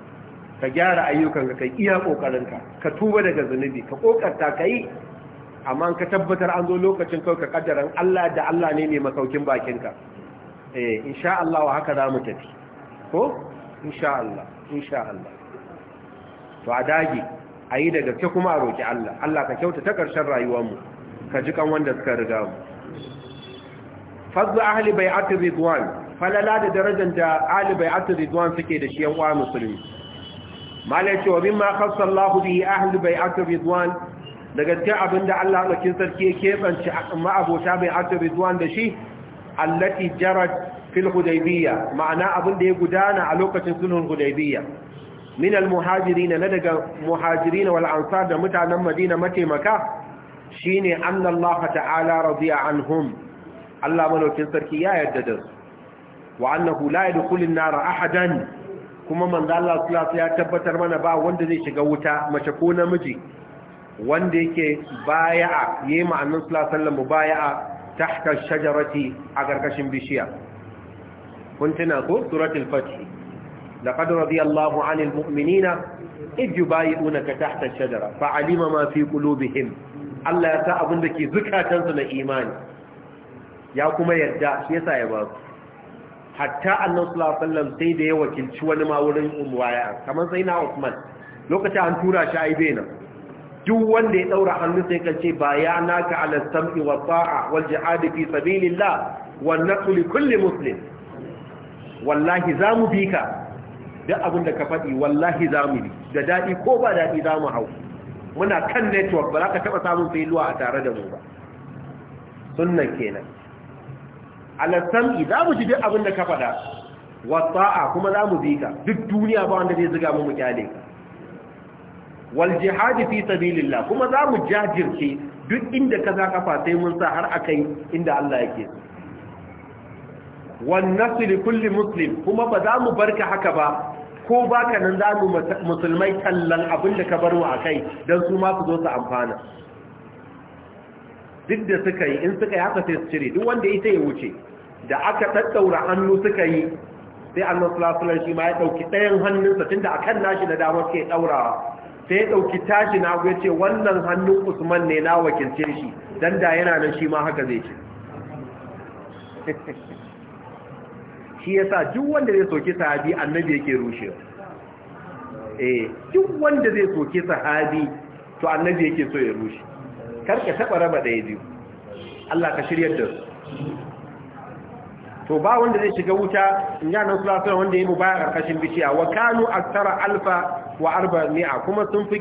ka gyara ayyukanka ka iya kokarinka ka tuba daga zunubi ka kokarta ka yi amma ka tabbatar an zo lokacin kai ka kaddaran Allah da Allah ne mai makaukin bakinka eh insha Allah wa haka za mu tafi ko insha Allah insha Allah to a dage a yi daga ce kuma a roƙi Allah Allah ka kyauta ta ƙarshen rayuwarmu ka ji kan wanda suka riga mu fadlu ahli bai'atir ridwan falala da darajar da ahli bai'atir ridwan suke da shi yan uwa musulmi malai cewa ma khassa Allah ahli bai'atir ridwan daga cikin abinda Allah ɗaukin sarki ya keɓance ma'abota bai'atir ridwan da shi allati jarat fil hudaybiyya ma'ana abinda ya gudana a lokacin sulhul hudaybiyya min almuhajirin na daga muhajirin wal da mutanen madina mataimaka shine anna Allah ta'ala radiya anhum Allah malaukin sarki ya yadda da su wa annahu la yadkhulun nar ahadan kuma manzo Allah ya tabbatar mana ba wanda zai shiga wuta mace ko namiji wanda yake baya'a yayi ma annabi sallallahu baya a baya'a shajarati a gargashin bishiya kun tuna ko suratul لقد رضي الله عن المؤمنين إذ يبايئونك تحت الشجرة فعلم ما في قلوبهم Allah ya sa abin da ke zukatansu na imani ya kuma yarda shi yasa ya ba su hatta annan sulasallam sai da ya wakilci wani ma wurin umwaya kamar sai na Usman lokacin an tura shi aibe nan duk wanda ya daura hannu sai kan ce bayanaka ala sam'i wa ta'a wal jihad fi sabilillah wa naqli kulli muslim wallahi zamu bika duk abin da ka faɗi wallahi za mu da daɗi ko ba daɗi za mu hau muna kan network ba za ka taɓa samun failuwa a tare da mu ba sunan kenan alasami za mu ji duk abin da ka faɗa wasa'a kuma za mu zika duk duniya ba wanda zai ziga mu mu kyale ka wal jihadi fi sabilillah kuma za mu jajirce duk inda ka za kafa sai mun sa har akai inda Allah yake so wannan kulli muslim kuma ba za mu barka haka ba ko ka nan za mu musulmai tallan abin da ka bar a kai don su ma su zo su amfana duk da suka yi in suka yi haka sai su cire duk wanda ita ya wuce da aka ɗaɗɗaura hannu suka yi sai annan sulasulan shi ma ya ɗauki ɗayan hannunsa tun da a kan nashi na damar ke ɗaurawa sai ya ɗauki tashi na ya ce wannan hannun usman ne na wakilce shi don da yana nan shi ma haka zai ce shi sa duk wanda zai soki sahabi annabi yake rushe. eh duk wanda zai soki sahabi to annabi yake so ya rushe karka taba raba daya biyu Allah ka shiryar da su to ba wanda zai shiga wuta in ga nan sallallahu wanda yayi mubaya karkashin bishiya wa kanu aktara alfa wa arba mia kuma sun fi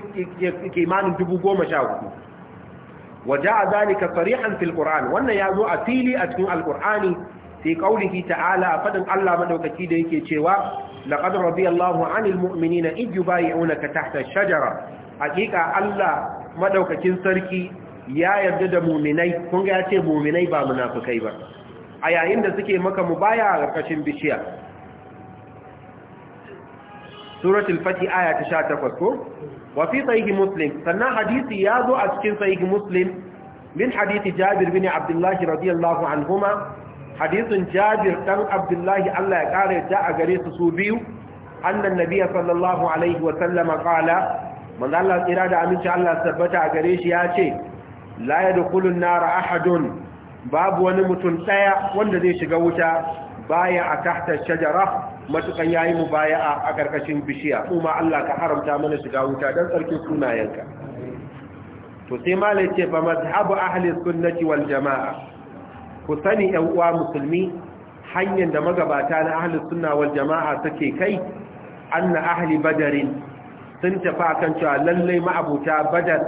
kimanin dubu 10000 waja'a zalika sarihan fil qur'an wannan yazo a fili a cikin alqur'ani fi qaulihi ta'ala fadin Allah madaukaki da yake cewa laqad radiyallahu 'anil mu'minina id yubay'unaka tahta ash-shajara hakika Allah madaukakin sarki ya yarda da mu'minai kun ga ce mu'minai ba munafikai ba a yayin da suke maka mubaya a ƙarƙashin bishiya suratul fati aya ta 18 ko wa fi sahih muslim sannan hadisi ya zo a cikin sahih muslim min hadisi jabir bin abdullah radiyallahu anhuma hadisin jabir dan abdullahi Allah ya kare ta a gare su su biyu annan nabiya sallallahu alaihi wa sallama qala manzo Allah tsira da aminci Allah tabbata a gare shi ya ce la yadkhulun nara ahadun babu wani mutum daya wanda zai shiga wuta baya a tahta shajara matukan yayi mu baya a karkashin bishiya kuma Allah ka haramta mana shiga wuta dan sarkin sunayenka to sai malai ce fa mazhabu ahli sunnati wal jamaa ku sani ‘yan uwa musulmi hanyar da magabata na ahli suna wal jama'a suke kai anna ahli badarin sun tafi akan cewa lallai ma'abuta badar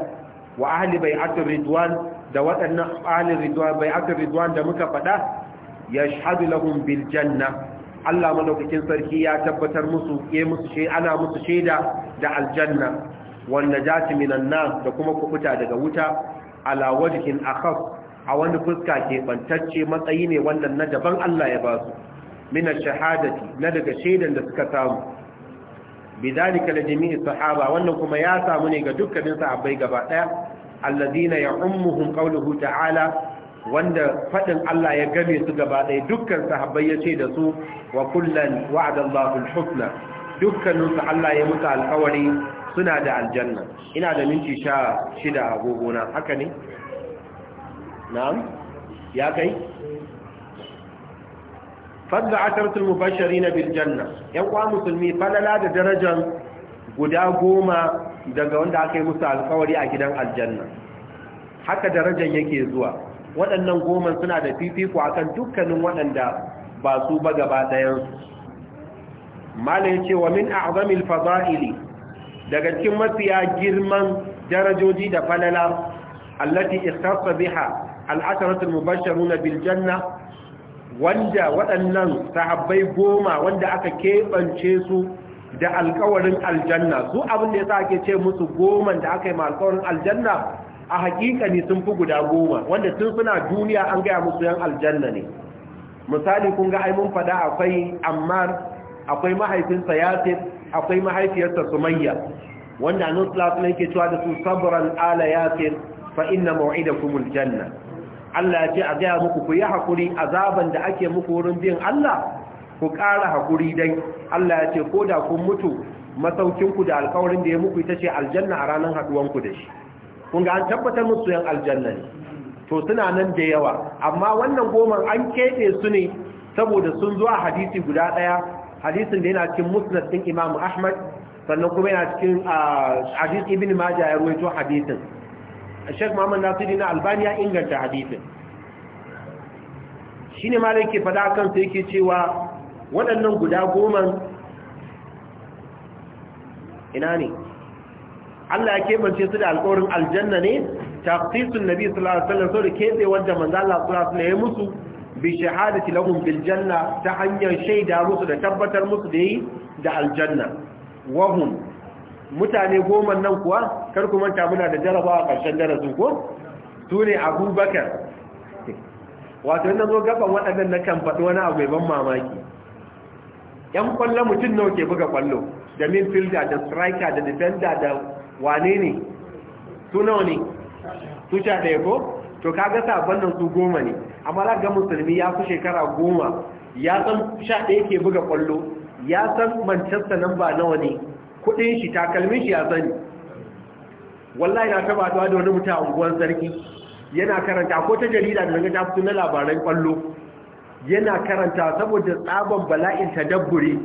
wa ahli bai ridwan da waɗannan ahli ridwan bai ridwan da muka faɗa ya shaɗu lahum janna Allah madaukakin sarki ya tabbatar musu ke musu she ana musu shaida da aljanna wanda jati minan nan da kuma kubuta daga wuta ala wajhin akhaf a wani fuska ke matsayi ne wannan na daban Allah ya ba su min shahadati na daga shaidan da suka samu bidalika la jami'i sahaba wannan kuma ya samu ne ga dukkanin sahabbai gaba daya alladhina ya'ummuhum qawluhu ta'ala wanda fadin Allah ya game su gaba daya dukkan sahabbai yace da su wa kullan wa'ada Allahu al-husna dukkanin su Allah ya musu alƙawari suna da aljanna ina da minti 16 a na haka ne na'am ya kai fadda asharatul mubashirin bil janna yan uwa musulmi falala da darajar guda goma daga wanda aka yi musu alkawari a gidan aljanna haka darajar yake zuwa waɗannan goma suna da fifiko akan dukkanin waɗanda ba su ba gaba ɗayansu mala ya ce wa min a'zamil fada'ili daga cikin mafiya girman darajoji da falala allati ikhtassa biha al'asharatul mubashsharuna na Biljanna, wanda waɗannan sahabbai goma wanda aka keɓance su da alkawarin aljanna su abin da ya sa ake ce musu goman da aka yi ma alkawarin aljanna a hakika ne sun fi guda goma wanda tun suna duniya an gaya musu yan aljanna ne misali kun ga aimun fada akwai ammar akwai mahaifinsa yasir akwai mahaifiyarsa sumayya wanda annabi sallallahu ke cewa da su sabran ala yasir fa inna maw'idakumul janna Allah ya ce a gaya muku ku yi hakuri azaban da ake muku wurin bin Allah ku ƙara hakuri dai Allah ya ce ko da kun mutu masaukin ku da alkawarin da ya muku ita ce aljanna a ranar haɗuwanku da shi kun ga an tabbatar musu yan aljanna to suna nan da yawa amma wannan goma an keɓe su ne saboda sun zuwa hadisi guda ɗaya hadisin da yana cikin musnad ɗin imam ahmad sannan kuma yana cikin ah, hadisi ibn majah ya ruwaito hadisin Sheikh Muhammad Nasiru na Albani ya inganta hadisin shine malai ke fada kan sai yake cewa waɗannan guda goma ina ne Allah ya kebance su da alƙawarin aljanna ne taqsisun nabi sallallahu alaihi wasallam saboda kebe wanda manzo Allah sallallahu alaihi wasallam ya musu bi shahadati lahum bil janna ta hanyar shaida musu da tabbatar musu da yi da aljanna wahum mutane goma nan kuwa kar manta muna da jarabawa ƙarshen darasin ko su ne abubakar wato yana zo gaban waɗannan na kan faɗi wani abu mai ban mamaki ‘yan kwallo mutum nawa ke buga kwallo da midfielder da striker da defender da wane ne su nawa ne su sha ɗaya ko to kaga sabon nan su goma ne amma za ga musulmi ya fi shekara goma ya san sha ɗaya ke buga kwallo ya san manchester nan ba nawa ne kudin shi takalmin shi ya sani wallahi na taba da wani mutum a unguwan sarki yana karanta ko ta jarida da ta fito na labaran kwallo yana karanta saboda tsaban bala'in dabburi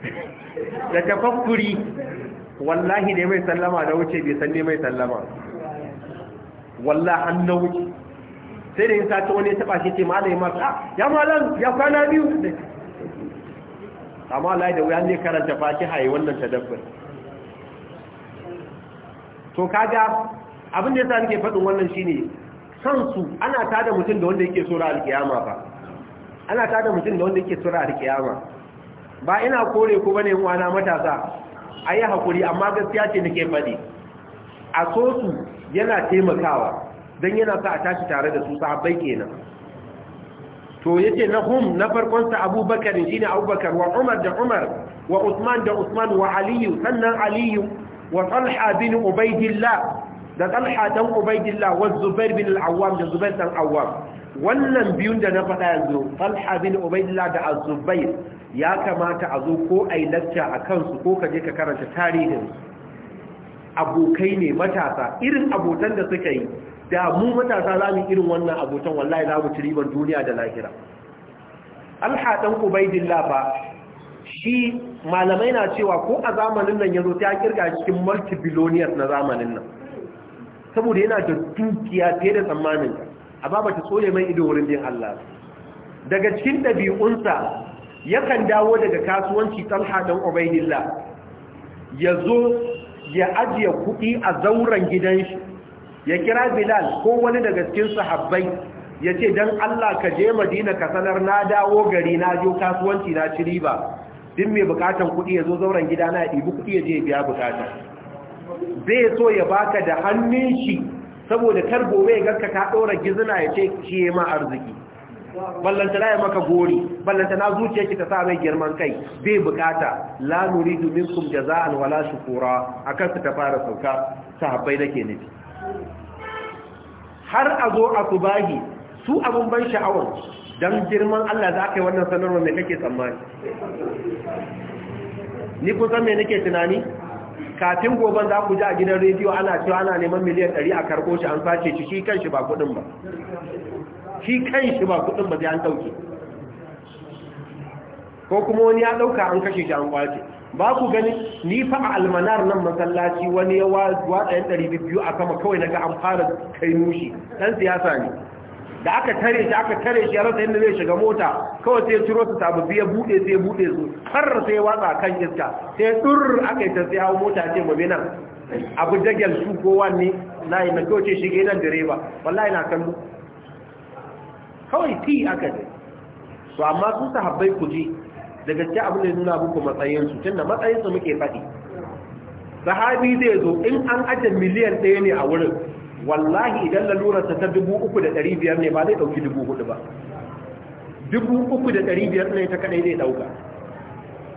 da fafuri wallahi ne mai sallama da wuce bai san ne mai sallama wallahi an na wuce sai da yin sata wani ya taba shi ce malai masu ah, ya malam ya kwana biyu amma Allah da wuya ne karanta fatiha yi wannan tadabbur to kaga abin da yasa nake faɗin wannan shine san ana tada mutum da wanda yake sura alkiyama ba ana tada mutum da wanda yake sura alkiyama ba ina kore ko bane mu ana matasa ayi hakuri amma gaskiya ce nake faɗi a so yana taimakawa dan yana sa a tashi tare da su sahabbai kenan to yace na hum na farkon sa Abubakar shine Abubakar wa Umar da Umar wa Usman da Usman wa Ali sannan Ali wa Talha bin Ubaidillah da Talha dan Ubaidillah wa Zubair bin Al-Awwam da Zubair dan Awwam wannan biyun da na faɗa yanzu Talha bin Ubaidillah da Az-Zubair ya kamata a zo ko ai lacca a kansu ko ka je ka karanta tarihin abokai ne matasa irin abotan da suka yi da mu matasa za mu irin wannan abotan wallahi za mu ci ribar duniya da lahira alhaɗan ubaidillah ba shi malamai na cewa ko a zamanin nan ya zo ta kirga cikin multi-billionaires na zamanin nan saboda yana da dukiya fiye da tsammanin a ba ta tsole mai ido wurin din Allah daga cikin ɗabi'unsa yakan dawo daga kasuwanci talha ɗan ubaidillah ya zo ya ajiye kuɗi a zauren gidan shi ya kira bilal ko wani daga cikin sahabbai ya ce don allah ka je madina ka sanar na dawo gari na jo kasuwanci na ci riba din mai bukatan kuɗi ya zo zauren gida na ibi kuɗi ya je biya bukata zai so ya baka da hannun shi saboda kar gobe garka ka ka ɗora gizina ya ce shi ya ma arziki na ya maka gori ballanta na zuciya ki ta sa mai girman kai bai bukata la nuridu minkum jaza'an wala shukura akan su ta fara sauka sahabbai nake nufi har a zo a su bagi su abin ban sha'awar don girman Allah za ka yi wannan sanarwa mai kake tsammani ni kusan mai nake tunani kafin goban za ku ji a gidan rediyo ana cewa ana neman miliyan 100 a karko shi an sace shi shi kan shi ba kudin ba shi kan shi ba kudin ba sai an dauke ko kuma wani ya dauka an kashe shi an kwace ba ku gani ni fa a almanar nan masallaci wani ya watsa yan ɗari biyu a sama kawai naga an fara kai nushi ɗan siyasa ne da aka tare shi aka tare shi ya rasa yadda zai shiga mota kawai sai ciro su sabu biya buɗe sai buɗe su har sai ya watsa kan iska sai dur aka yi ta sai hawo mota ce mabe nan abu dagel su ko ne na yi na kawai ce shige nan direba wallahi na kallo kawai ti aka ne to amma su sahabbai ku ji da gaske abin da nuna muku matsayinsu tunda matsayinsu muke faɗi sahabi zai zo in an aje miliyan ɗaya ne a wurin wallahi idan lalurarsa ta dubu uku da ɗari biyar ne ba zai ɗauki dubu hudu ba dubu uku da ɗari biyar ne ta kaɗai zai ɗauka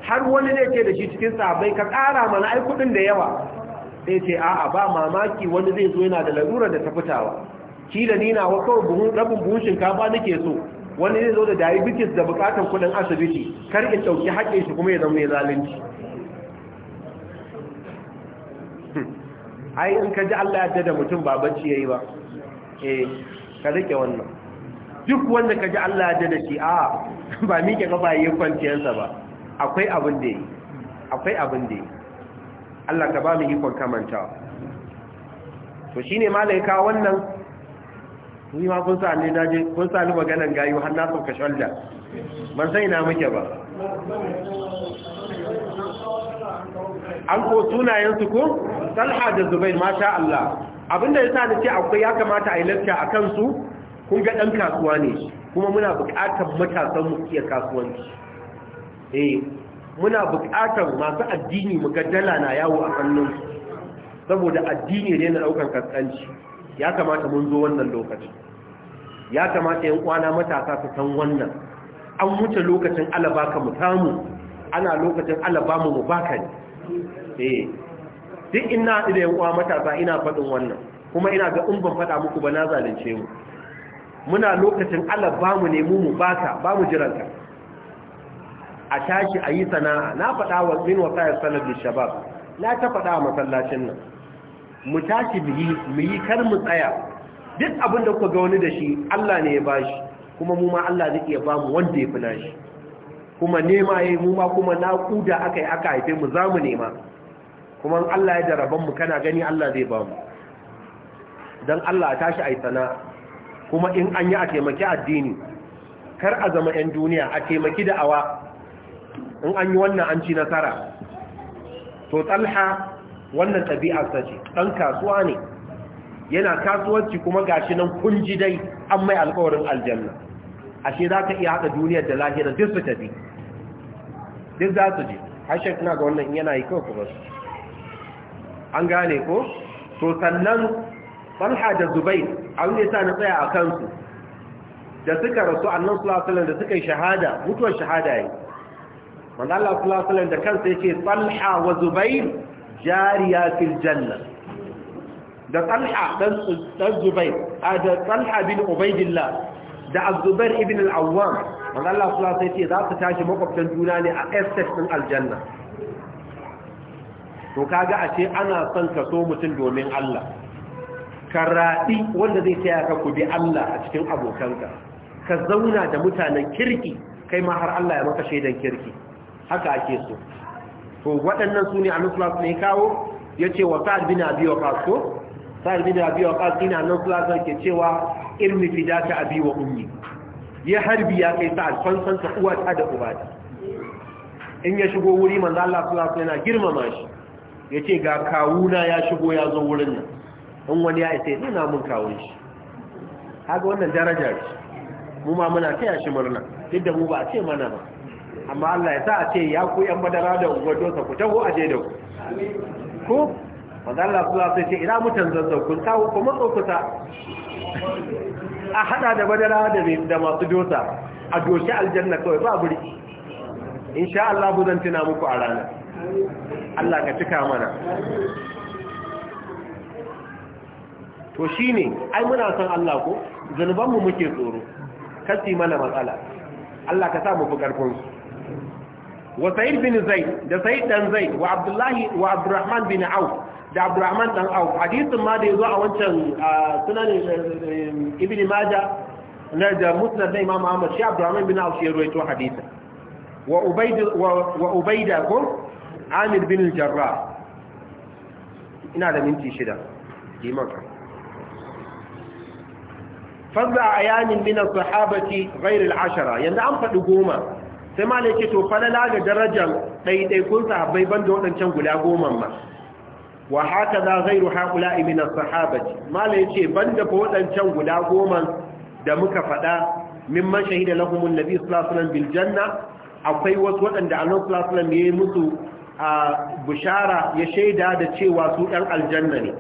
har wani ne ce da shi cikin sabai ka ƙara mana ai kuɗin da yawa sai ce a'a ba mamaki wani zai zo yana da lalurar da ta fitawa kila ni na wa buhun rabin buhun shinkafa nake so wani zai zo da diabetes da bukatan kudin asibiti kar in dauki haƙƙin shi kuma ya zama mai zalunci ai in ka ji Allah ya da mutum ba bacci yayi ba eh ka rike wannan duk wanda ka ji Allah ya da shi a ba mike kafa yayi kwanciyarsa ba akwai abin da yi akwai abin da yi Allah ka ba mu ikon kamantawa to shine malaika wannan ni ma kun sa na je kun sa'ani maganan gayu har na sauka shoulder ban sai na muke ba an ko sunayen su ko Talha da Zubair mata Allah abinda yasa ce akwai ya kamata a yi lafiya akan su kun ga dan kasuwa ne kuma muna buƙatar matasan mu iya kasuwanci eh muna buƙatar masu addini mu ga dala na yawo a hannun saboda addini ne na ɗaukar kaskanci ya kamata mun zo wannan lokaci ya kamata yan kwana matasa su san wannan an wuce lokacin alaba ka mu ana lokacin alaba mu mubaka ne eh duk ina da yan kwana matasa ina faɗin wannan kuma ina ga in ban faɗa muku ba na zalunce mu muna lokacin alaba mu ne mu mubaka ba mu jiranta. a tashi a yi sana'a na faɗa wa min wasayar sanar da shabab na ta faɗa a masallacin nan mu tashi mu yi kar mu tsaya duk abin da kuka ga wani da shi Allah ne ya bashi kuma mu ma Allah zai iya ba mu wanda ya fi shi. kuma nema yayi mu ma kuma naƙuda aka yi aka haife mu zamu nema kuma Allah ya jaraban mu kana gani Allah zai ba mu dan Allah ya tashi ai sana kuma in an yi a taimaki addini kar a zama 'yan duniya a taimaki da awa in an yi wannan an ci nasara to talha wannan ɗabi'arsa ce ɗan kasuwa ne yana kasuwanci kuma gashi nan kun ji dai an mai alkawarin aljanna ashe za ka iya haɗa duniyar da lahira duk su tafi duk za su je harshen kuna ga wannan yana yi kawai kuma su an gane ko to sannan falha da zubai a wani sa na tsaya a kansu da suka rasu annan sulasalan da suka yi shahada mutuwar shahada yi manzo Allah da kansa yake falha wa zubair jariya fil janna da talha dan zubair da talha bin ubaidillah da azubair ibn al-awwam manzo Allah sallallahu alaihi ce za su tashi makwabtan juna ne a estate din aljanna to kaga a ce ana son ka so mutum domin Allah ka raɗi wanda zai taya ka ku bi Allah a cikin abokanka ka zauna da mutanen kirki kai ma har Allah ya maka shaidan kirki haka ake so to waɗannan su ne annabi ne kawo ya ce wa sa'ad bin abi waqas ko sa'ad bin abi waqas ina annabi sallallahu ke cewa irmi fidaka abi wa ummi ya harbi ya kai sa'ad fansan ta uwa ta da uba ta in ya shigo wuri manzo Allah sallallahu alaihi yana girmama shi yace ga kawuna ya shigo ya zo wurin nan in wani ya isa ina mun kawun shi haka wannan daraja ce mu ma muna taya shi murna duk da mu ba a ce mana ba amma Allah ya sa a ce ya ku yan madara da ungwadonsa ku taho a je da ku ko mazalla su za su ce ina mutan zanzan kun kawo kuma tsokuta a hada da madara da masu dosa a doshi aljanna kawai ba buri insha Allah bu zan tuna muku a ranar Allah ka cika mana to shine ai muna son Allah ko zanubanmu muke tsoro kasi mana matsala Allah ka sa mu fi ƙarfinsu. wa sa'id bin zaid da sa'id dan zaid wa abdullahi wa abdurrahman bin auf da abdurrahman dan auf hadisin ma da yazo a wancan sunan ibn majah na da musnad da imam ahmad shi abdurrahman bin auf shi rawaito hadisin wa ubayd wa ubayda ko amir bin al-jarrah ina da minti shida kiman ka fadda ayanin min as-sahabati ghayr al-ashara yanda an fadi goma sai ma yake to falala ga darajar ɗaiɗaikun sahabbai ban da waɗancan guda goman ma wa haka za zairu haƙula iminar sahabaci mala ya ce ban da waɗancan guda goman da muka faɗa man shahida lahumun nabi sulasulan biljanna akwai wasu waɗanda annan sulasulan ya yi musu a bushara ya shaida da cewa su ɗan aljanna ne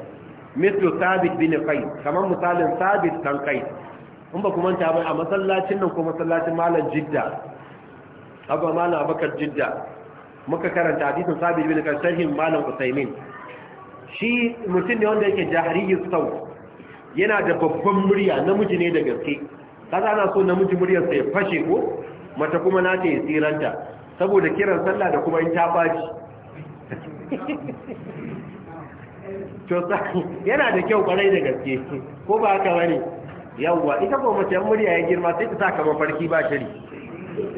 mislu sabit bin kai kamar misalin sabit kan kai in ba kuma ta bai a masallacin nan ko masallacin malam jidda abu na abakar jidda muka karanta hadisin sabi bin karshen malam usaimin shi mutum ne wanda yake jahariyin sau yana da babban murya namiji ne da gaske kaza ana so namiji muryarsa ya fashe ko mata kuma na ta yi tsiranta saboda kiran sallah da kuma in ta baci yana da kyau kwarai da gaske ko ba haka bane yawwa ita ko mace murya ya girma sai ta saka mafarki ba shiri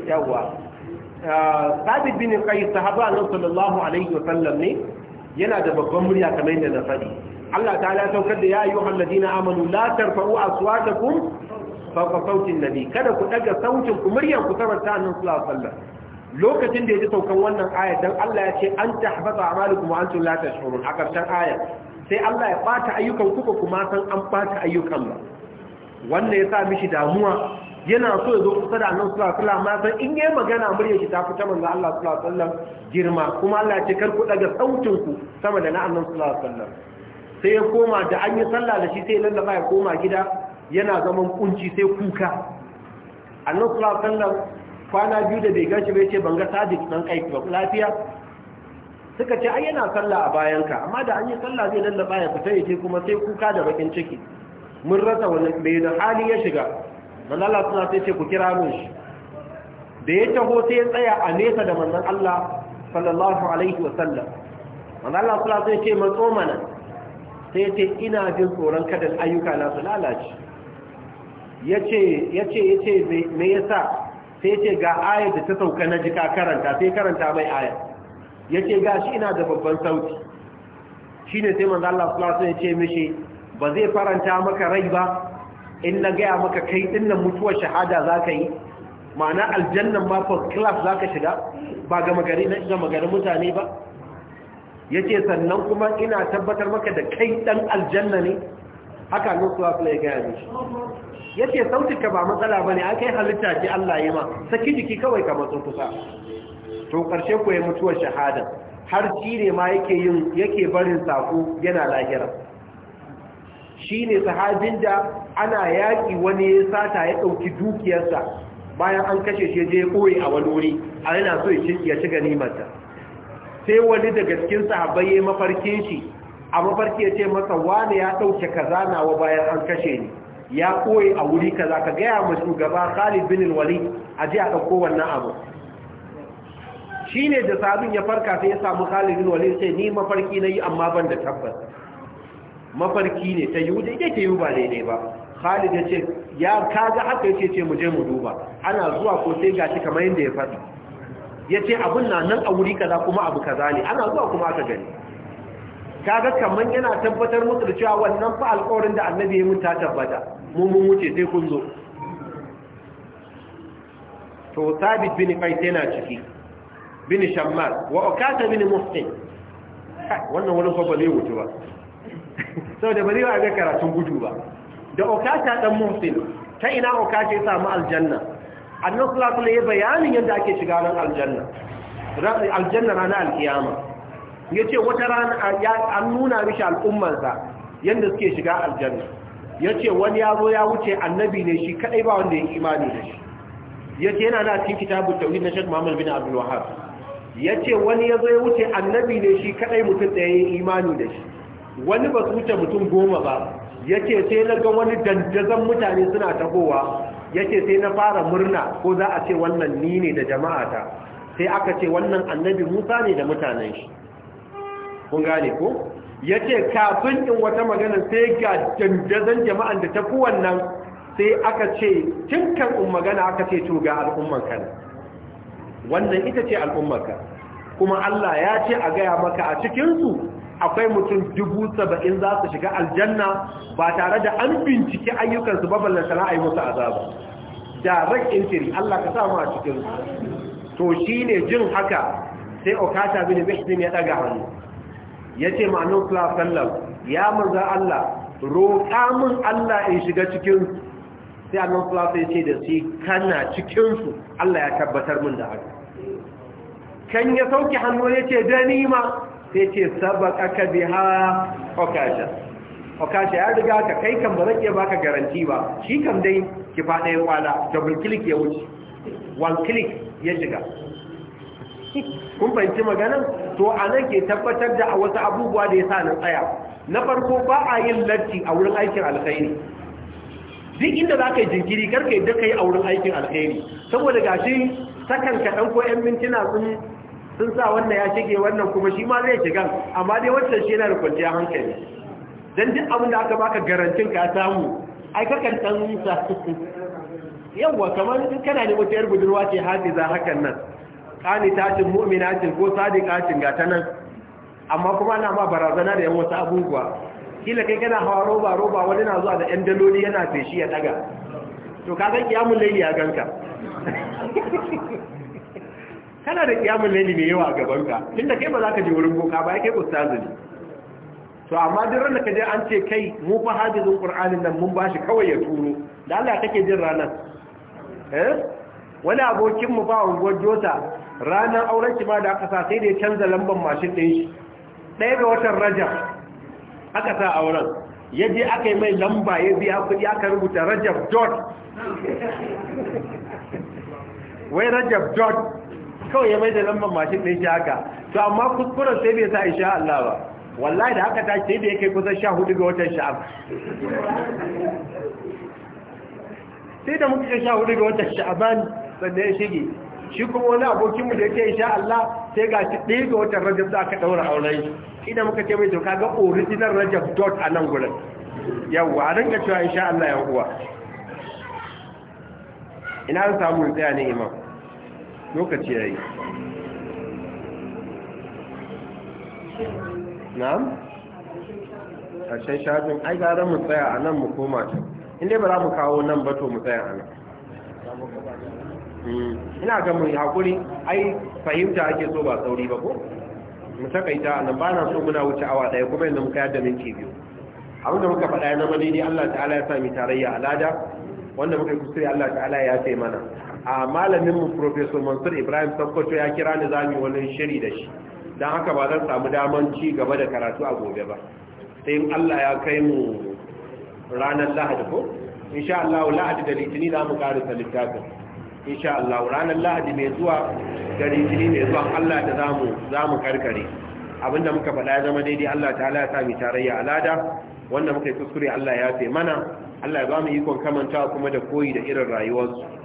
yawwa sabit bin qais sahaba annabi sallallahu alaihi wa sallam ne yana da babban murya kamar yadda na faɗi Allah ta'ala ya saukar da ya ayyuhal ladina amanu la tarfa'u aswatakum fawqa sautin nabi kada ku daga sautin ku muryan ku saboda ta annabi sallallahu alaihi wa sallam lokacin da yaji saukan wannan ayat dan Allah ya ce an tahbata amalukum wa antum la tashurun a karshen ayat sai Allah ya bata ayyukan ku kuma san an bata ayyukan ba wannan ya sa mishi damuwa yana so ya zo kusa da annabi sallallahu alaihi wasallam san in yayi magana murya shi ta fita manzo Allah sallallahu alaihi wasallam girma kuma Allah ya ce kar ku daga sautin ku sama da na annabi sallallahu alaihi wasallam sai ya koma da an yi sallah da shi sai lallaba ya koma gida yana zaman kunci sai kuka annabi sallallahu alaihi wasallam kwana biyu da bai gashi bai ce ban ga sadiq dan kai ba lafiya suka ce ai yana sallah a bayanka amma da an yi sallah zai lallaba ya fita ya ce kuma sai kuka da bakin ciki mun rasa wani bai da hali ya shiga manzon Allah suna sai ce ku kira mun shi da ya taho sai ya tsaya a nesa da manzon Allah sallallahu alaihi wa sallam manzon Allah suna sai ce matso mana sai ce ina jin tsoron kada ayyuka na su lalace yace yace yace me yasa sai ce ga ayar da ta sauka na jika karanta sai karanta mai ayar yace gashi ina da babban sauti shine sai manzo Allah sallallahu alaihi wasallam ya ce mishi ba zai faranta maka rai ba in na gaya maka kai dinnan mutuwar shahada za ka yi ma'ana aljannan ma first za ka shiga ba ga magari na ga magari mutane ba ya ce sannan kuma ina tabbatar maka da kai ɗan aljanna ne haka nusuwa su ya gaya shi ya ce sautinka ba matsala ba ne aka yi halitta ce allah yi ma saki jiki kawai ka matso kusa to ƙarshe ku yi mutuwar shahada har shi ma yake yin yake barin sako yana lahira Shi ne sahabin da ana yaƙi wani ya sata ya ɗauki dukiyarsa bayan an kashe shi je koyi a wani wuri a yana so ya ci mata sai wani daga cikin sahabbai ya mafarkin shi a mafarki ya ce masa wani ya ɗauke kaza nawa bayan an kashe ni ya koyi a wuri kaza ka gaya ma shugaba Khalid bin Walid a je a ɗauko wannan abu ne da sabin ya farka sai ya samu Khalid bin Walid sai ni mafarki na yi amma ban da tabbas mafarki ne ta yiwu daidai ta yiwu ba daidai ba khalid ya ce ya kaga haka yake ce mu je mu duba ana zuwa ko sai shi kamar yadda ya faɗi yace abun na nan a wuri kaza kuma abu kaza ne ana zuwa kuma aka gani kaga kaman yana tabbatar musu da cewa wannan fa alƙawarin da annabi ya mun ta tabbata mu mun wuce sai kun zo to sabit bin qais yana ciki bin shammal wa ukata bin muhsin wannan wani fa ba ne wuce ba saboda ba zai wa ga karatun gudu ba da okata dan muhsin ta ina okata ya samu aljanna annabi sallallahu alaihi wasallam bayanin yadda ake shiga nan aljanna aljanna rana alkiyama yace wata rana an nuna mishi al'ummarsa yadda suke shiga aljanna yace wani yaro ya wuce annabi ne shi kadai ba wanda ya imani da shi yace yana da cikin kitabut tauhid na Sheikh Muhammad bin Abdul Wahhab yace wani ya zo ya wuce annabi ne shi kadai mutum da ya imani da shi wani ba su wuce mutum goma ba yake sai na ga wani dandazon mutane suna tahowa yake sai na fara murna ko za a ce wannan ni ne da jama'ata sai aka ce wannan annabi musa ne da mutanen shi kun gane ko yake kafin in wata magana sai ga dandazon jama'an da tafi wannan sai aka ce tun kan in magana aka ce to ga al'umman kan wannan ita ce al'umman kan kuma Allah ya ce a gaya maka a cikinsu akwai mutum dubu saba'in za su shiga aljanna ba tare da an bincike ayyukansu ba ballanta na yi musu azaba direct entry Allah ka samu a cikin to shine jin haka sai okata bin bihsin ya daga hannu yace ce annabi sallallahu ya manzo Allah roƙa min Allah in shiga cikin sai annabi sallallahu ya ce da shi kana cikin su Allah ya tabbatar min da haka kan ya sauki hannu yace da ni ma sai ce sabaqaka biha okasha okasha ya riga ka kai kan ba zan iya baka garanti ba shi kan dai ki fada ya kwala double click ya wuce one click ya shiga kun fahimci maganan to a nan ke tabbatar da a wasu abubuwa da ya sa na tsaya na farko ba a yin latti a wurin aikin alkhairi duk inda za ka yi jinkiri karka yadda ka yi a wurin aikin alkhairi saboda gashi sakan ka ɗan ko 'yan mintuna sun sun sa wannan ya shige wannan kuma shi ma zai shigan amma dai wancan shi yana da kwanciyar hankali don duk abin da aka baka garantin ka samu ai kakan ɗan nisa yawwa kamar in kana ne wata yar budurwa ce za hakan nan qanitatin mu'minatin ko sadiqatin ga ta nan amma kuma ana ma barazana da yan wasu abubuwa kila kai kana hawa roba roba wani na zuwa da yan daloli yana feshi ya daga to ka san kiyamul layli ya ganka kana da kiyamun laili mai yawa a gabanka inda kai ba za ka ji wurin boka ba ya kai ustazi ne to amma duk ranar ka je an ce kai mu fa hajizin qur'anin nan mun bashi kawai ya turo da Allah kake jin ranar eh? wani abokin mu ba unguwar jota ranar auren ki ma da aka sa sai da ya canza lamban mashin din shi ɗaya ga watan rajab aka sa auren ya je aka yi mai lamba ya biya kuɗi aka rubuta rajab dot wai rajab dot kawai ya mai da lambar mashin ɗin shi haka to amma kuskuren sai bai sa sha Allah ba wallahi da haka ta ce da ya kai kusan sha hudu ga watan sha'ab sai da muka sha hudu ga watan sha'aban sannan ya shige shi kuma wani abokinmu da yake sha Allah sai ga shi ɗaya ga watan rajab da aka ɗaura auren idan muka ce mai doka ga original rajab dot a nan gurin yawwa a rinka cewa sha Allah ya uwa ina an samu tsaya ne imam lokaci ya yi na'am ƙarshen shafin ai gara mu tsaya a nan mu koma can inda ba za mu kawo nan ba to mu tsaya a nan hmm. ina ga mun hakuri ai fahimta ake so ba sauri ba ko mu takaita a nan ba na so muna wuce awa ɗaya kuma yadda muka yadda minti biyu abin da muka faɗa ya zama daidai Allah ta'ala ya sa tarayya. tarayya alada wanda muka yi kusuri Allah ta'ala ya ce mana a malamin mu professor Mansur Ibrahim Sakkwato ya kira ni zamu wani shiri da shi dan haka ba zan samu daman ci gaba da karatu a gobe ba sai in Allah ya kai mu ranar Lahadi ko insha Allah Lahadi da Litini zamu karanta littafin insha Allah ranar Lahadi mai zuwa da Litini mai zuwa Allah da zamu zamu karkare abinda muka faɗa ya zama daidai Allah ta'ala ya sami tarayya alada wanda muka yi kuskure Allah ya fi mana Allah ya ba mu ikon kamantawa kuma da koyi da irin rayuwarsu